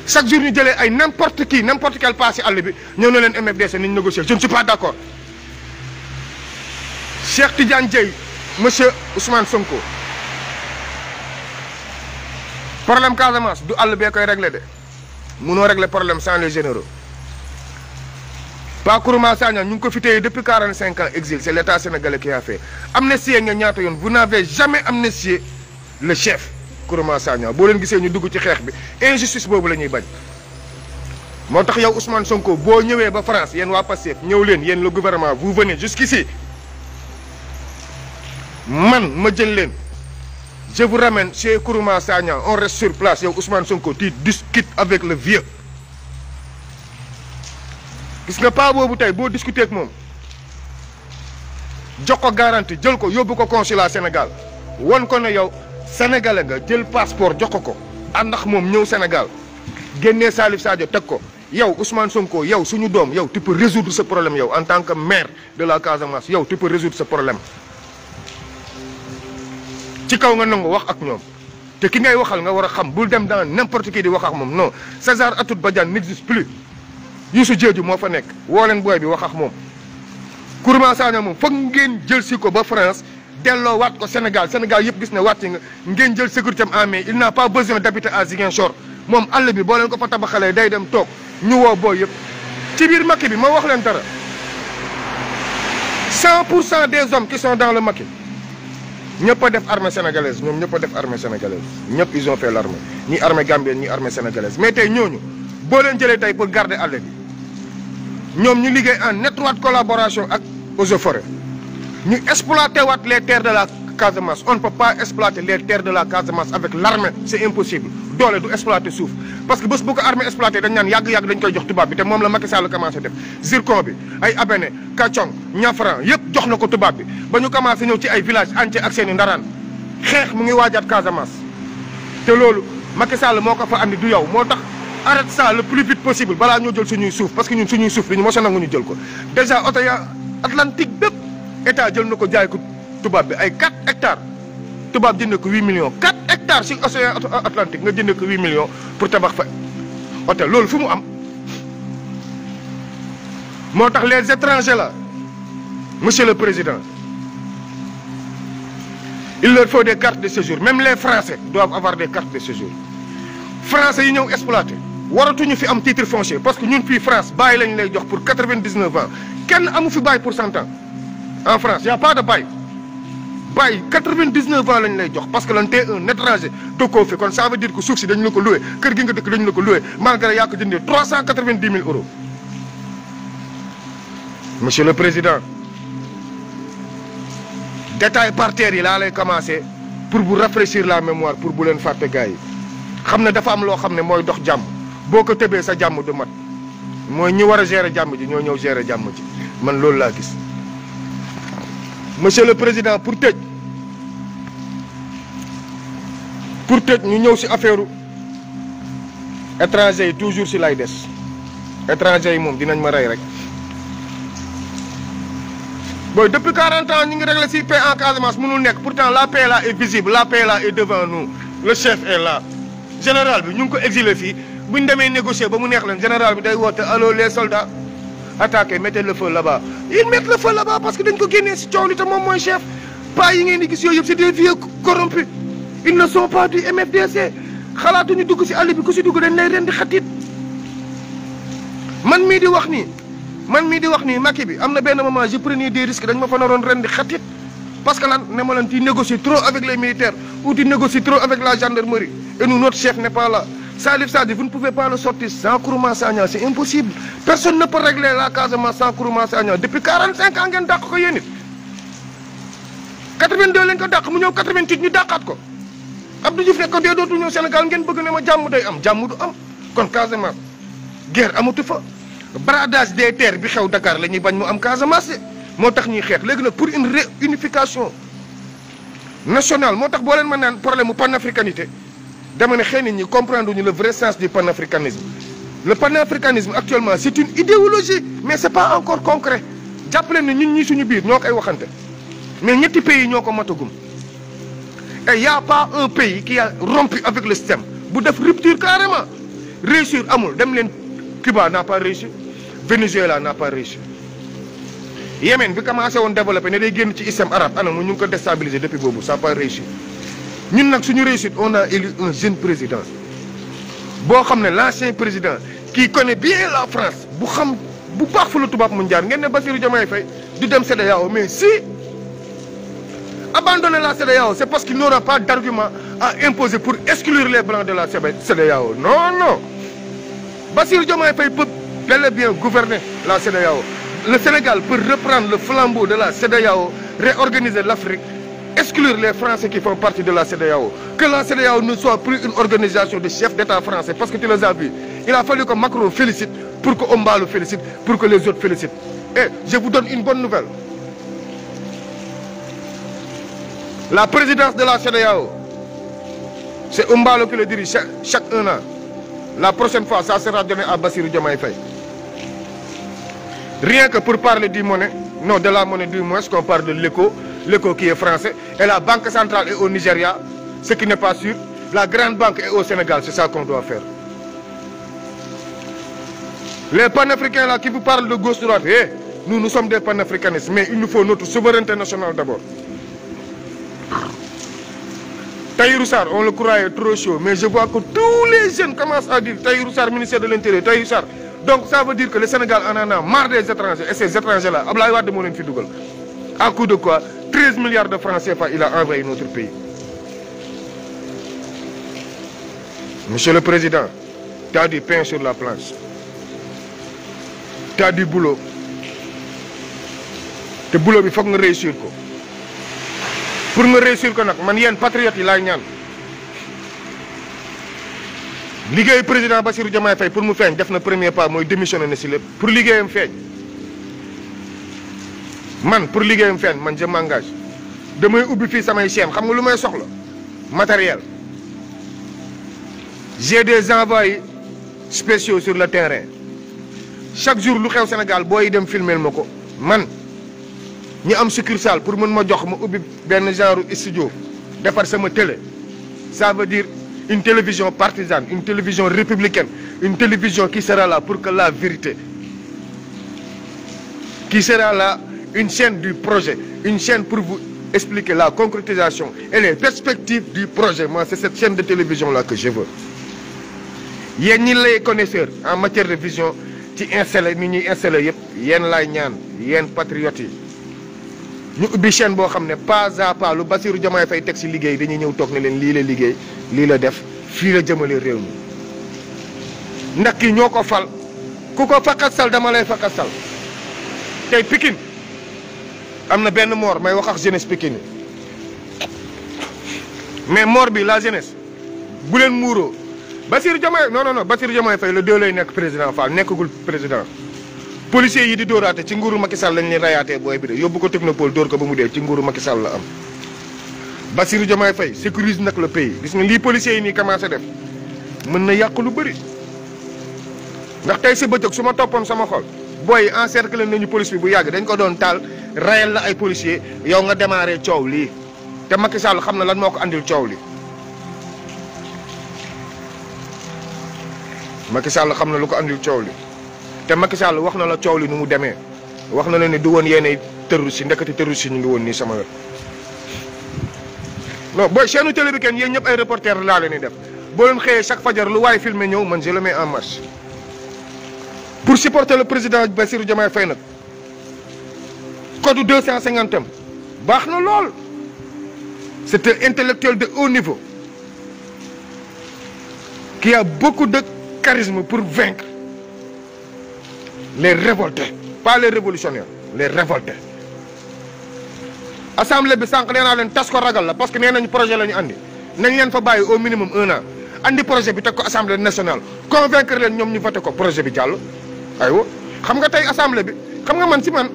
chaque jour ñu jëlee ay n'importe qui n'importe quel pas si àll bi ñëw na leen MFDC nañ négocier je ne suis pas d'accord Cheikh Tidiane Dieye monsieur Ousmane Sonko. problème Casamance du àll bee koy réglé de mënoo réglé problème sans les généraux Pacourma Sagna ñu ngi ko fi téye depuis 45 ans exil c' est l' état sénégalais a fait amnistie nga ñaata yoon vous n' avez jamais amnistié le chef Kourouma Sagna boo leen gisee ñu dugg ci xeex bi injustice boobu la ñuy bañ. moo tax yow Ousmane Sonko boo ñëwee ba France yéen waa Pastef ñëw leen yéen le gouvernement vous venez jusqu'ici man ma jël leen. je vous ramène chez Kourouma Sagna on reste sur place yow Ousmane Sonko tu discutes avec le vieux gis nga pas boobu tey boo discuter moom jox ko garantie jël ko yóbbu ko consulat Sénégal wan ko ne yow sénégalais nga jël passeport jox ko ko ànd ndax moom ñëw Sénégal génnee Salif Sadio teg ko yow Ousmane Sonko yow suñu doom yow tu peux résoudre ce problème yow en tant que maire de la Casamance yow tu peux résoudre ce problème. ci kaw nga nangu wax ak ñoom te ki ngay waxal nga war a xam bul dem dans n'importe qui di wax ak moom non César Atoute Badiane n'existe plus Youssou Diédhiou moo fa nekk woo leen booy bi wax ak moom Kourouma Sagna moom foog ngeen jël si ko ba France delloo waat ko Sénégal Sénégal yëpp gis ne wàcc nga ngeen jël sécurité am en main il n'a pas besoin d'habiter à Ziguinchor moom àll bi boo leen ko fa tabaxalee day dem toog ñu woo booy yëpp ci biir Macky bi ma wax leen dara 100 pour cent des hommes qui dans le Macky ñëpp a def armée sénégalaise ñoom ñëpp a def armée sénégalaise ñëpp ils ont fait l'armée ñi armée gambienne ñi armée sénégalaise mais tey ñooñu boo leen jëlee tey pour garde àll ñoom ñu liggéey en étroite collaboration ak eaux et ñu exploité waat les terres de la Casamance on ne peut pas exploiter les terres de la Casamance avec l'armée c'est impossible doole du exploité suuf parce que bés bu ko armée exploité dañ naan yàgg-yàgg dañ koy jox tubaab bi te moom la Macky Sall commencé def zircon bi ay abene kacong ñafran yëpp jox na ko tubaab bi ba ñu commencé ñëw ci ay village entier ak seen i ndaraan xeex mu ngi waajaat Casamance te loolu Macky Sall moo ko fa andi du yow moo tax arrête ça le plus vite possible balaa ñoo jël suñuy suuf parce que ñun suñuy suuf dañu mos a nangu ñu jël ko déjà oto ya Atlantique bépp état jël na ko jaay ko tubaab bi ay 4 hectares tubaab jënd ko 8 millions hectare si océan Atlantique nga jënd ko 8 millions pour tabax fa hôtel loolu fu mu am moo tax les étrangers là monsieur le président il leur faut des cartes de séjour même les français doivent avoir des cartes de séjour français yi ñëw exploité waratuñu fi am titre foncier parce que ñun fii France bàyyi lañ lay jox pour 99 ans kenn amu fi bàyyi pour 100 ans en France y pas de bàyyi bàyyi quatre-vingt-dix-neuf ans lañ lay jox parce que lan tee un étranger dëkkoo fi kon ça veut dire que suuf si dañu la ko loué kër gi nga dëkk dañu la ko loué malgré yaa ko jëndee trois cent quatre vingt monsieur le président détail par yi laa lay commencé pour bu rafraîchir la mémoire pour bu leen fàtte gars yi xam ne dafa am loo xam ne mooy dox jàmm boo ko tëbee sa jàmm du mat mooy ñi war a gérer jàmm ji ñoo ñëw gérer jàmm ji man loolu laa gis monsieur le président pour tëj pour tëj ñu ñëw ci affaire étranger yi toujours ci lay des étranger yi moom dinañ ma rey rek. booy depuis 40 ans ñu ngi réglé ci paix en Casamance mënul nekk pourtant la paix là est visible la paix là est devant nous le chef est là général bi ñu ngi ko exilé fii bu ñu demee négocier ba mu neex leen général bi day woote allo les soldats. attaqué mettez le feu là-bas ils mettent le feu là-bas parce que dañ ko génnee si coow li te moom mooy chef pas yi ngeen di gis yooyu yëpp c'est des vieux corrompus ils ne sont pas du MFDC xalaatuñu dugg si àll bi ku si dugg dañ lay ren xatit man mii di wax nii man mii di wax nii Macky bi am na benn moment je prenais des risques dañ ma fa naroon ren di xatit parce que lan ne ma leen di négocier trop avec les militaires ou di négocier trop avec la gendarmerie et nous notre Salif Sadio, vous ne pouvez pas le sortir sans Kourouma Sagna, c'est impossible. Personne ne peut régler la Casamance sans Kourouma Sagna. Depuis 45 ans, ngeen dàq ko yéen it 82 ko dàq mu ñëw 88 ñu dàqaat ko Abdou Diouf ne ko dee dootu ñëw Sénégal ngeen bëgg ne ma jàmm day am jàmm du am kon Casamance guerre amatu fa bradage des terres bi xew Dakar la ñuy bañ mu am Casamance de moo tax ñuy xeex léegi nag pour une réunification nationale moo tax boo leen mën naan problème mu panafricanité dama ne xëy na ñi comprendre ñu le vrai sens du panafricanisme le panafricanisme actuellement c' est une idéologie mais c' est pas encore concret jàppale ne ñun ñi suñu biir ñoo koy waxante mais ñetti pays ñoo ko matagum et y' a pas un pays qui a rompu avec le système bu def rupture carrément réussir amul dem leen Cuba n'a pas réussi Venezuela n'a pas réussi Yémen bi commencé woon développé ne day génn ci islam arabe ana mu ñu ngi ko déstabiliser depuis boobu ñun nag suñu réussite on a élu un jeune président boo xam ne l'ancien président qui connaît bien la France bu xam bu baax fu la tubaab mu jaar ngeen ne Bassirou Diomaye Faye du dem CEDEAO mais si abandonner la CEDEAO c'est parce qu'il n'aura pas d'argument à imposer pour exclure les blancs de la CEDEAO non non Bassirou Diomaye Faye peut bel et bien gouverner la CEDEAO le Sénégal peut reprendre le flambeau de la CEDEAO réorganiser l'Afrique exclure les Français qui font partie de la CEDEAO. Que la CEDEAO ne soit plus une organisation de chefs d'État français, parce que tu les as Il a fallu que Macron félicite, pour que Omba le félicite, pour que les autres félicitent. Et je vous donne une bonne nouvelle. La présidence de la CEDEAO, c'est Ombalo qui le dirige chaque, un an. La prochaine fois, ça sera donné à Bassirou Diomaye Faye. Rien que pour parler du monnaie, non de la monnaie du moins, qu'on parle de l'éco, l'ECO qui est français, et la Banque centrale est au Nigeria, ce qui n'est pas sûr. La Grande Banque est au Sénégal, c'est ça qu'on doit faire. Les panafricains là qui vous parlent de gauche-droite, eh, nous, nous sommes des panafricanistes, mais il nous faut notre souveraineté nationale d'abord. Taïroussar, on le croyait trop chaud, mais je vois que tous les jeunes commencent à dire Taïroussar, ministère de l'Intérieur, Taïroussar. Donc ça veut dire que le Sénégal a marre des étrangers, et ces moo leen fi dugal. À 13 milliards de francs CFA, il a envahi notre pays. Monsieur le Président, tu as du pain sur la planche. Tu as du boulot. te boulot bi foog nga réussir ko pour nga réussir ko nag man yéen patriotes yi laay ñaan liggéeyu président Bassirou Diomaye Faye pour mu feeñ def na premier pas mooy démissionné na si lépp pour liggéeyam feeñ. man pour liggéeyam fenn man je mangage damay ubbi fii samay seem xam nga lu may soxla matériel j'ai des envoyés spéciaux sur le terrain chaque jour lu xew Sénégal booy dem filmeel ma ko man ñi am succursale pour mën ma jox ma ubbi benn genre studio defar sama télé ça veut dire une télévision partisane une télévision républicaine une télévision qui sera là pour que la vérité qui sera une chaîne du projet, une chaîne pour vous expliquer la concrétisation et les perspectives du projet. Moi, c'est cette de télévision-là que je veux. yéen ñi lay connaisseurs en matière de vision ci installé ni ñuy installé yëpp yéen laay ñaan yéen patriotes yi ñu ubbi chaîne boo xam ne pas à pas lu Bassirou Diomaye Faye teg ci liggéey dañuy ñëw toog ne leen lii la liggéey lii la def fii la jëmale réew mi ndax ki ñoo ko fal ku ko fakasal dama lay fakasal tey am na benn mort may wax ak jeunesse Pikine mais moor bi la jeunesse bu leen muuroo Bassirou Diomaye non non non Bassirou Diomaye Faye le deux lay nekk président Fall nekkagul président policiers yi di dooraate ci nguuru Macky Sall lañ leen rayaatee booy bi de yóbbu ko technopole dóor ko ba mu dee ci nguuru Macky Sall la am. Bassirou Diomaye fay sécurise nag la pays gis nga lii policiers yi nii commencé def mën na yàq lu bari ndax tey si bëccëg su ma toppoon sama xol. booy encercler nañu police bi bu yàgg dañ ko doon taal reyal la ay policier yow nga démarré coow lii te Macky Sall xam na lan moo ko andil coow li Macky xam na lu ko andil coow li te Macky wax na la coow li nu mu demee wax na la ne du woon yenn terroriste yi ndekete terroriste yi ñu ngi woon nii sama wér non booy seenu télé bi kenn yéen ñëpp ay reporter laa leen di def boo leen xëyee chaque fajar lu waaye filmé ñëw man je le mets en marche pour supporter le président Bassirou Diomaye Faye nag code 250 am baax na lool c'est un intellectuel de haut niveau qui a beaucoup de charisme pour vaincre les révoltés pas les révolutionnaires les révoltés assemblée bi sànq nee naa leen tas ko ragal la parce que nee nañu projet la ñu andi nañ leen fa bàyyi au minimum un an andi projet bi teg ko assemblée nationale convaincre leen ñoom ñu voté ko projet bi jàll ay aywa xam nga tey assemblée bi xam nga man si man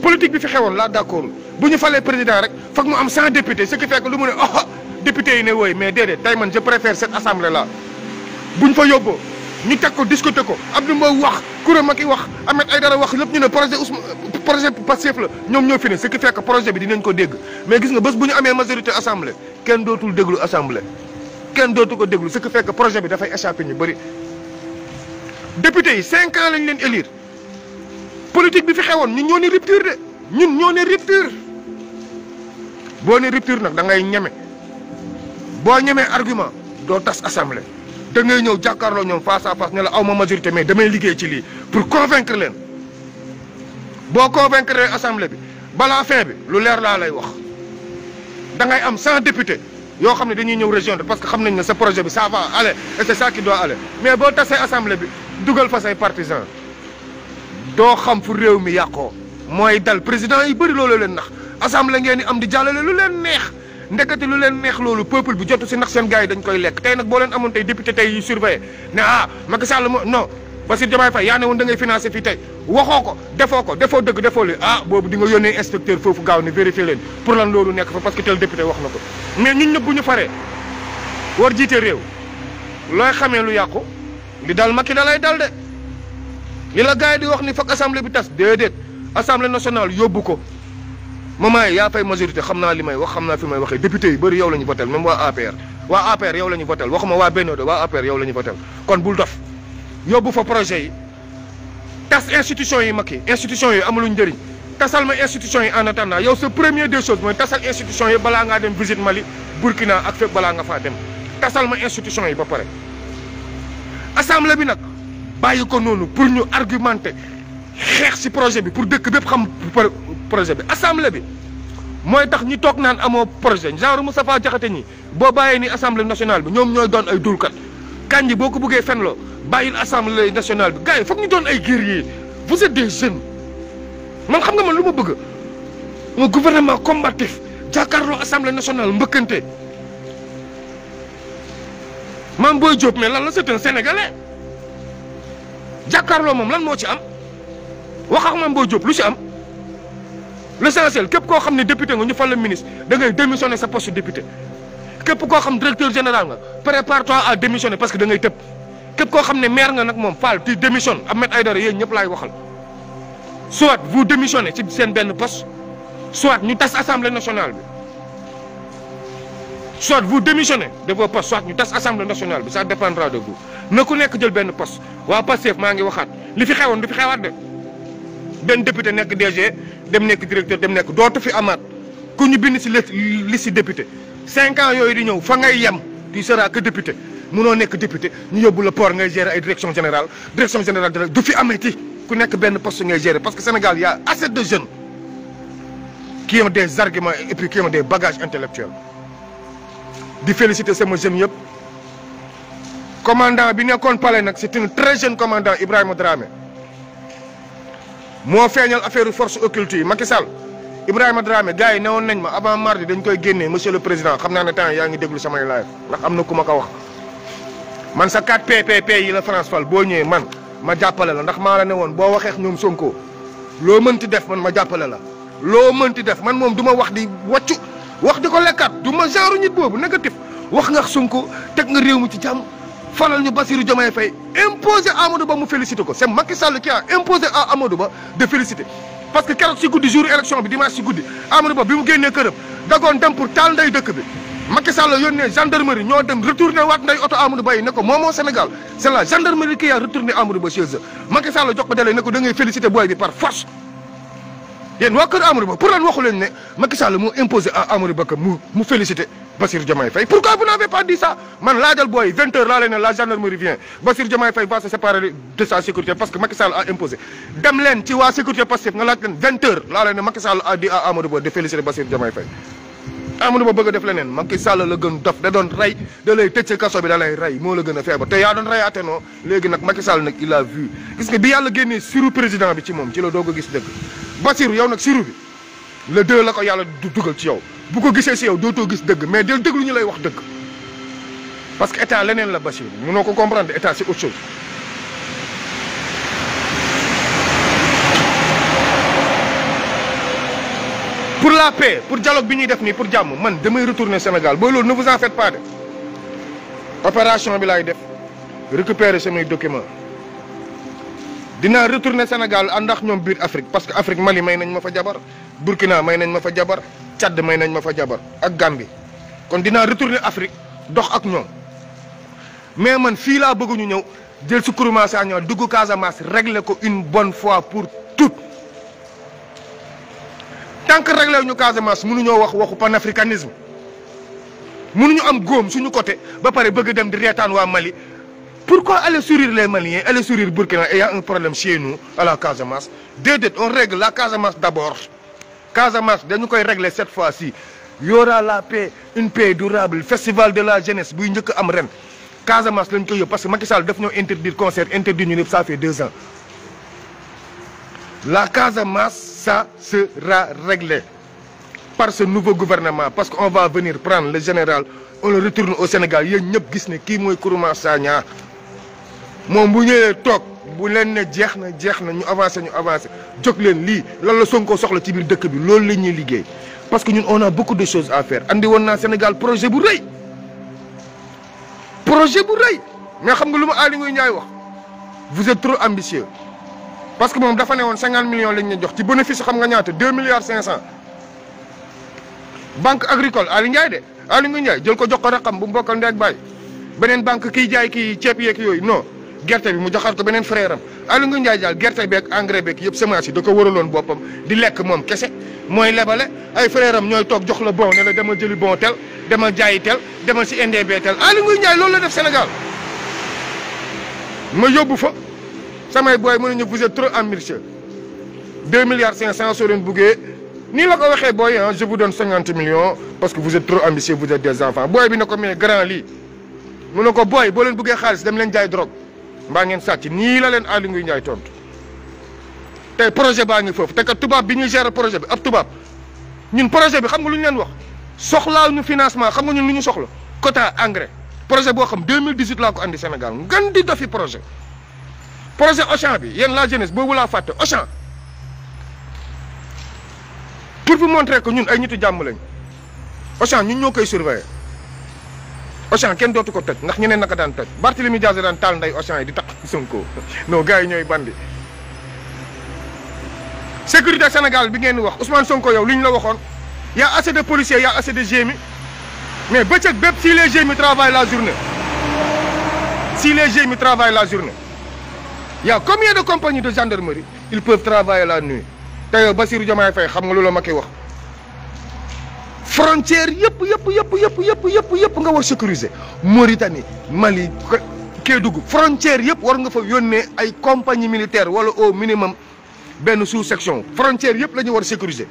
politique bi fi xewoon laa d'accord bu ñu falee président rek foog mu am 100 députés ce qui fait lu mu ne oh député yi ne wooy mais déedéet tey man je préfère cette assemblée là buñ fa yóbboo ñu teg ko discuter ko Abdou Mbow wax Koura Macky wax Ahmed Aïdara wax lépp ñu ne projet Ousmane projet Pastef la ñoom ñoo fi ne ce qui fait projet bi dinañ ko dégg mais gis nga bés bu ñu amee majorité assemblée kenn dootul déglu assemblée kenn dootu ko déglu ce qui fait projet bi dafay échapper ñu bëri député yi cinq ans lañ leen élire politique bi fi xewoon ñun ñoo ne rupture de ñun ñoo ne rupture boo ne rupture nag da ngay ñeme boo ñemee argument doo tas assemblée da ngay ñëw jàkkaarloo ñoom face à face ne la aw ma majorité mais damay liggéey ci lii pour convaincre leen boo convaincre assemblée bi balaa fin bi lu leer laa lay wax da am cent député yoo xam ne dañuy ñëw région de parce que xam nañ ne sa projet bi ça va aller et c'est ça qui doit mais boo tasee assemblée bi dugal fa say partisan doo xam fu réew mi yàqoo mooy dal président yi bëri loolu leen nax assemblée ngeen di am di jàllale lu leen neex ndekati lu leen neex loolu peuple bi jotu si nax seen gars yi dañ koy lekk tey nag boo leen amoon tey député tey yu surveillé ne ah Macky Sall moo non Bassirou Diomaye Faye yaa ne woon da ngay financé fii tey waxoo ko defoo ko defoo dëgg defoo li ah boobu di nga yónnee inspecteur foofu gaaw ne vérifier leen pour lan loolu nekk fa parce que tel député na ko ñu faree war jiite réew looy xamee lu yàqu li dal Macky da lay dal de li la gars di wax ni foog assemblée bi tas déedéet assemblée nationale yóbbu ko moment yi yaa fay majorité xam naa li may wax xam naa fi may waxee député yi bëri yow la ñu votel même waa APR waa APR yow la ñu votel waxuma waa Benno de waa APR yow la ñu votel kon bul dof yóbbu fa projet yi tas institution yi Macky institution yi amuluñ njëriñ tasal ma institution yi en attendant yow sa première des choses mooy tasal institution yi balaa ngaa dem visite Mali nga faa dem tasal ma institution yi ba pare assemblée bi nag bàyyi ko noonu pour ñu argumenter xeex ci projet bi pour dëkk bépp xam projet bi assemblée bi mooy tax ñi toog naan amoo projet genre Moustapha Diakhaté ñi boo bàyyee ni assemblée nationale bi ñoom ñooy doon ay dulkat Kandji boo ko bëggee fenloo bàyyil assemblée nationale bi gars yi foog ñu doon ay guerriers vous êtes des jeunes man xam nga man lu ma bëgg un gouvernement combatif jàkkaarloo assemblée nationale mbëkkante Mame booy Diop mais lan la c'est un sénégalais jàkkaarloo moom lan moo ci am wax ak booy Boye lu ci am l'essentiel képp koo xam ne député nga ñu fal la ministre da ngay démissionner sa poste député képp koo xam directeur général nga prépare-toi à démissionner parce que da ngay tëb képp koo xam ne maire nga nag moom Fall tu démissionnes Ahmed Aïdara yéen ñëpp laay waxal soit vous démissionnez ci seen benn poste soit ñu tas assemblée nationale bi. soit vous démissionnez de vos postes soit ñu tas assemblée nationale bi ça dépendra de vous na nekk jël benn poste waa Pastef maa ngi waxaat li fi xewoon du fi xewaat de benn député nekk DG dem nekk directeur dem nekk dootu fi amaat ku ñu bind si li si député cinq ans yooyu di ñëw fa ngay yem tu seras que député mënoo nekk député ñu yóbbu la port ngay gérer ay direction général direction générale du fi amati ku nekk benn post ngay gérer parce que Sénégal y a assez de jeunes qui des arguments et puis qui ont des bagages di féliciter sama jeune yëpp commandant bi nekkoon palais nag c'est une très jeune commandant Ibrahima Dramé moo feeñal affaire force occulte yi Macky Sall Ibrahima Dramé gars yi newoon nañ ma avant mardi dañ koy génnee monsieur le président xam naa ne temps yaa ngi déglu samay live ndax am na ku ma ko wax man sa 4 PPP yi la France fal boo ñëwee man ma jàppale la ndax maa la ne woon boo waxeex ñoom Sonko loo mënti def man ma jàppale la loo mënti def man moom du ma wax di wàccu wax di ko lekkaat du ma genre nit boobu négatif wax nga Sonko teg nga réew mi ci jàmm falal ñu Bassirou Diomaye Faye imposé Amadou Ba mu félicité ko c' est Macky Sall qui a imposé à Amadou Ba de féliciter. parce que keroog si guddi jour élection bi dimanche si guddi Amadou Ba bi mu génnee këram dagoon dem pour taal nday dëkk bi Macky Sall yónnee gendarmerie ñoo dem retourné waat nday oto Amadou Ba yi moomoo Sénégal c' la gendarmerie qui a retourné Amadou yéen waa kër Amadou Ba pour lan waxu leen ne Macky mu mu félicité Bassirou Diomaye Faye pourquoi vous n'avez pas dit ça man laajal booy 20 laa leen ne la gendarmerie vient Bassirou Diomaye Faye va se séparer de sa sécurité parce que Macky Sall a imposé dem ci waa sécurité Pastef nga laaj leen 20 laa leen ne Macky a dit à Amadou Ba de féliciter Bassirou Diomaye Faye Amadou Ba bëgg def leneen Macky Sall la gën dof da doon rey da lay tëj sa kaso bi da lay rey moo la a feebar te yaa doon reyaate Bassirou yow nag siru bi le deux la ko yàlla du ci yow bu ko gisee si yow dootoo gis dëgg mais del déglu ñu lay wax dëgg parce que état leneen la Bassirou mënoo ko comprendre état c'est autre chose. pour la paix pour dialogue bi ñuy def nii pour jàmm man damay retourner Sénégal booy loolu ne vous en faites pas de opération bi laay def récupérer samay documents. dinaa retourner Sénégal ndax ñoom biir Afrique parce que Afrique Mali may nañ ma fa jabar Burkina may nañ ma fa jabar Tchad may nañ ma fa jabar ak Gambie kon dina retourner Afrique dox ak ñoom mais man fii laa bëgg ñu ñëw jël Soucourou Massagna dugg Casamance régler ko une bonne fois pour tout tant que régler ñu Casamance mënuñoo wax waxu panafricanisme mënuñu am góom suñu côté ba pare bëgg dem di reetaan waa Mali Pourquoi aller sourire les Maliens, aller sourire Burkina et il y a un problème chez nous à la Casamance Déedéet, on règle la Casamance d'abord. Casamance dañu koy régler cette fois-ci y aura la paix une paix durable festival de la jeunesse buy njëkk am ren Casamance lañ koy yóbbu parce que Macky Sall daf ñoo interdire concert interdire ñu ñëpp ça fait ans la Casamance ça sera réglé par ce nouveau gouvernement parce que on va venir prendre le général on le retourne au Sénégal yéen ñëpp gis ne kii mooy Kourouma Sagna moom bu ñëwee toog bu leen ne jeex na jeex na ñu avancer ñu avancer jóg leen lii lan la Sonko soxla ci biir dëkk bi loolu la ñuy liggéey parce que ñun on a beaucoup de choses à faire andi woon naa Sénégal projet bu rëy projet bu rëy mais xam nga lu ma Aly Ngouille Ndiaye wax vous êtes trop ambitieux parce que moom dafa ne woon cinquante millions lañ ñu jox ci bénéfice xam nga ñaata deux milliards cinq cent banque agricole Aly Ndiaye de Aly Ngouille Ndiaye jël ko jox ko raqam bu mu bokkal ndeeg bàyyi beneen banque kiy kii ceeb yeeg yooyu non. gerte bi mu joxaat ko beneen frère am Aly Ngouille Ndiaye daal gerte beeg engrais beeg yëpp semence yi da ko waraloon boppam di lekk moom kese mooy lebale ay frère am ñooy toog jox la bon ne la dama jëli bon tel dama jaayi tel dama si NDB tel Aly Ngouille Ndiaye loolu la def Sénégal ma yóbbu fa samay booy mënuñu vous êtes trop ambitieux 2 milliards cent soo leen buggee nii la ko waxee booy ah je vous donne 50 millions parce que vous êtes trop ambitieux vous êtes des bi na ko mais grand lii mu booy boo leen buggee xaalis dem leen jaay drogue. mbaa ngeen sàcc nii la leen Aly Ngouille Ndiaye tontu tey projet baa ngi foofu te kat tubaab bi ñuy gérer projet bi ab tubaab ñun projet bi xam nga lu ñu leen wax soxlaa ñu financement xam nga ñun lu ñu soxla quota engrais projet boo xam 2018 laa ko andi Sénégal ngan di dofi projet. projet Auchan bi yéen la jeunesse boobu laa fàtte Auchan pour vous montrer que ñun ay ñitu jàmm lañ Auchan ñun ñoo koy surveiller. Auchan kenn dootu ko toj ndax ñeneen naka daan toj Barthélemy Diaz daan taal nday Auchan yi di tax Sonko non gars yi ñooy bandi sécurité Sénégal bi ngeen di wax Ousmane Sonko yow li ñu la waxoon y' a assez de policiers y' a assez de GMI mais bëccëg bépp si les GMI travaillent la journée si les GMI travaillent la journée y' a combien de compagnies de gendarmerie ils peuvent travailler la nuit te yow Bassirou Diomaye Faye xam nga loolu ma koy wax. frontière yëpp yëpp yëpp yëpp yëpp yëpp yëpp nga war sécuriser Mauritanie Mali Kédougou frontière yëpp war nga fa yónnee ay compagnie militaire wala au minimum benn sous-section frontière yëpp la ñu war sécuriser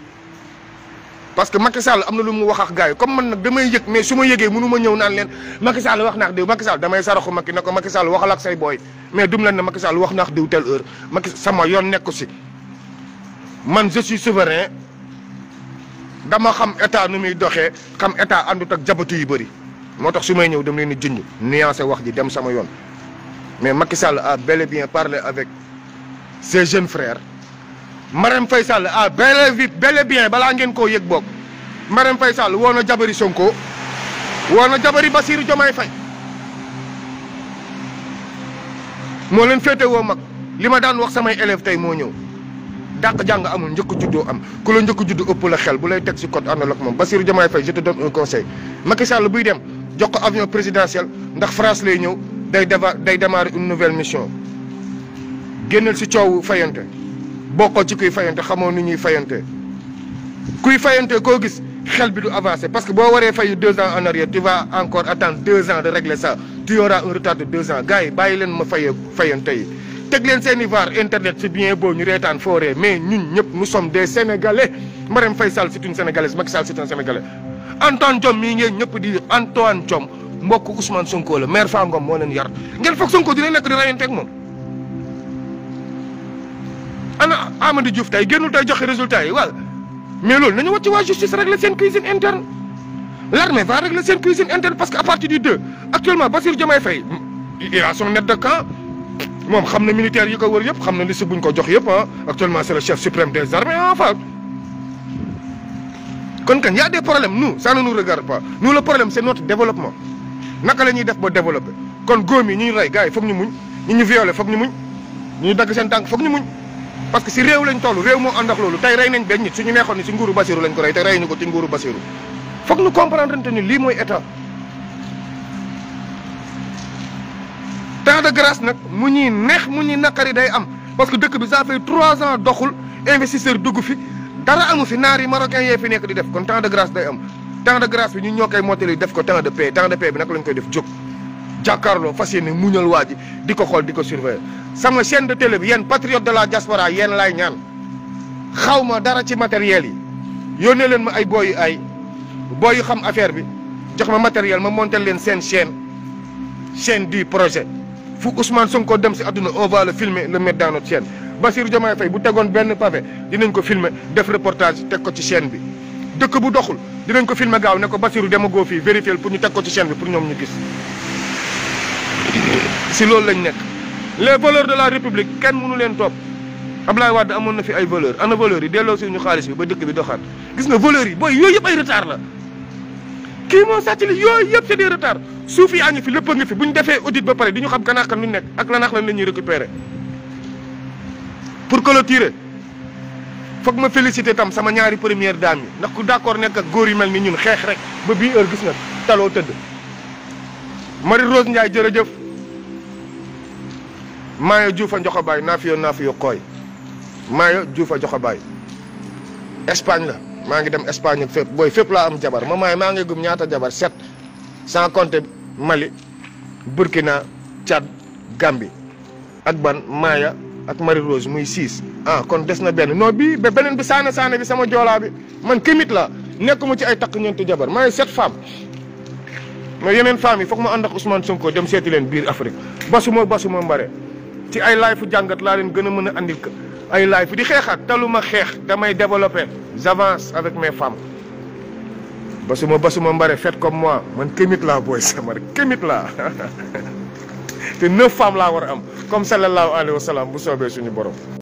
parce que Macky Sall am na lu mu wax ak gars yi comme man nag damay yëg mais su ma yëgee mënu ma ñëw naan leen Macky Sall wax naax diw Macky Sall damay saraxu Macky ne ko Macky Sall waxal ak say booy mais dum leen ne Macky Sall wax naax diw telle heure Macky sama yoon nekku si dama xam état nu doxee xam état àndut ak jabatu yu bëri moo tax su may ñëw dem leen di junj nuancé wax ji dem sama yoon mais Macky Sall a bel et bien parlé avec ses jeunes frères Marème Faye Sall a belle bien balaa ngeen koo yëg boog Marème Faye Sall woo na jabari Sonko woo na jabari Bassirou Diomaye fay moo leen féete woo mag li ma daan wax samay élèves tey moo ñëw dàq jàng amul njëkk juddoo am ku la njëkk juddu ëpp la xel bu lay teg si code àndal ak moom Bassirou Diomaye Faye je te donne conseil Macky buy dem jox ko avion présidentiel ndax France lay ñëw day deva day démarrer une nouvelle mission génnal si coowu fayante bokkoo ci kuy fayante xamoo ni ñuy fayante kuy fayante koo gis xel bi du avancé parce que boo waree fayu deux ans en arrière tu vas encore attendre deux ans de régler ça tu auras un retard yi bàyyi leen ma fayee fayante yi teg leen seen i var internet c'est bien beau ñu reetaan fooree mais ñun ñëpp nous sommes des sénégalais Marème Faye Sall c'est une sénégalaise Macky Sall c'est ngeen ñëpp di Antoine Diome mbokk Ousmane Sonko la maire Fangom moo leen yar ngeen foog Sonko dina nekk di reyanteeg moom. ana Amady Diouf tey génnul tay joxe résultat yi waaw mais loolu nañu wàcc waa justice régler seen cuisine interne. l'armée va régler seen cuisine interne parce que à partir du 2 moom xam na militaire yi ko wër yëpp xam na si buñ ko jox yëpp ah actuellement c' est chef suprême des armées ah, kon kan y' a des problèmes nous ça ne nous regarde pas nous le problème c' est développement naka la ñuy def ba développer kon góom yi ñu rey gars yi foog ñu muñ ñu ñu violé foog ñu muñ ñu dagg seen tànk foog ñu muñ. parce que si réew lañ toll réew moo ànd loolu tey rey nañ benn nit ñu neexoon ni si nguuru Bassirou lañ ko rey te rey ñu ko ci nguuru Bassirou foog ñu ni lii mooy état. temps de grâce nag mu ñuy neex mu ñuy naqari day am parce que dëkk bi ça trois ans doxul investisseur dugg fi dara amu fi naar yi marocain yee fi nekk di def kon temps de grâce day am temps de grâce bi ñun ñoo koy mottali def ko temps de paix temps de paix bi nag lañ koy def jóg jàkkaarloo fas yéene muñal waa ji di ko xool di ko surveiller sama chaine de télé bi yéen patriote de la diaspora yéen laay ñaan xaw ma dara ci matériel yi yónnee leen ma ay booy ay booy yu xam affaire bi jox ma matériel ma monter leen seen chaîne chaîne du projet fu Ousmane Sonko dem si àdduna on va le filmer le mettre dans notre chaîne bu tegoon benn pavé dinañ ko filmer def reportage teg ko ci chaîne bi dëkk bu doxul dinañ ko filmer gaaw ne ko Bassirou demagoo fii vérifier pour ñu teg ko ci chaîne bi pour ñoom ñu gis si loolu lañ nekk les valeurs de la république kenn mënu leen topp Ablaye Wade amoon na fi ay valeurs ana valeurs yi delloo si ñu xaalis bi ba dëkk bi doxaat gis na valeurs yi booy yooyu yëpp ay retard la kii moo sàcc li yooyu yëpp c'est des retards suuf yi àññi fi lépp a ngi fi bu ñu defee audit ba pare di ñu xam kanaax kan lu nekk ak lanaax lan la ñuy récupérer pour clôturer foog ma féliciter tam sama ñaari première dame yi ndax ku d'accord nekk ak góor yi mel ni ñun xeex rek ba bii heure gis na taloo tëdd Marie Rose Ndiaye jërëjëf maayo juufa joxo baay naa fi yoo naa fi yoo kooy maayo juufa joxo baay Espagne la maa ngi dem Espagne ak fépp booy fépp laa am jabar ma maay maa ngi gum ñaata jabar set sans compter Mali Burkina Tchad Gambie ak ban Maya ak Marie Rose muy six ah kon des na benn noo bii ba beneen bi saane saane bi sama joolaa bi man kimit la nekk nekkuma ci ay takk ñeenti jabar maay sept femmes mais yeneen femmes yi foog ma ànd ak Ousmane Sonko dem seeti leen biir Afrique basuma basuma mbare ci ay laay fu jàngat laa leen gën a mën a andil ay live di xeexaat taluma xeex damay développer j'avance avec mes femmes basuma basuma mbare faites comme moi man kémit laa booy sama rek kémit laa te neuf femmes laa war a am comme sallallahu alayhi wa sallam bu soobee suñu borom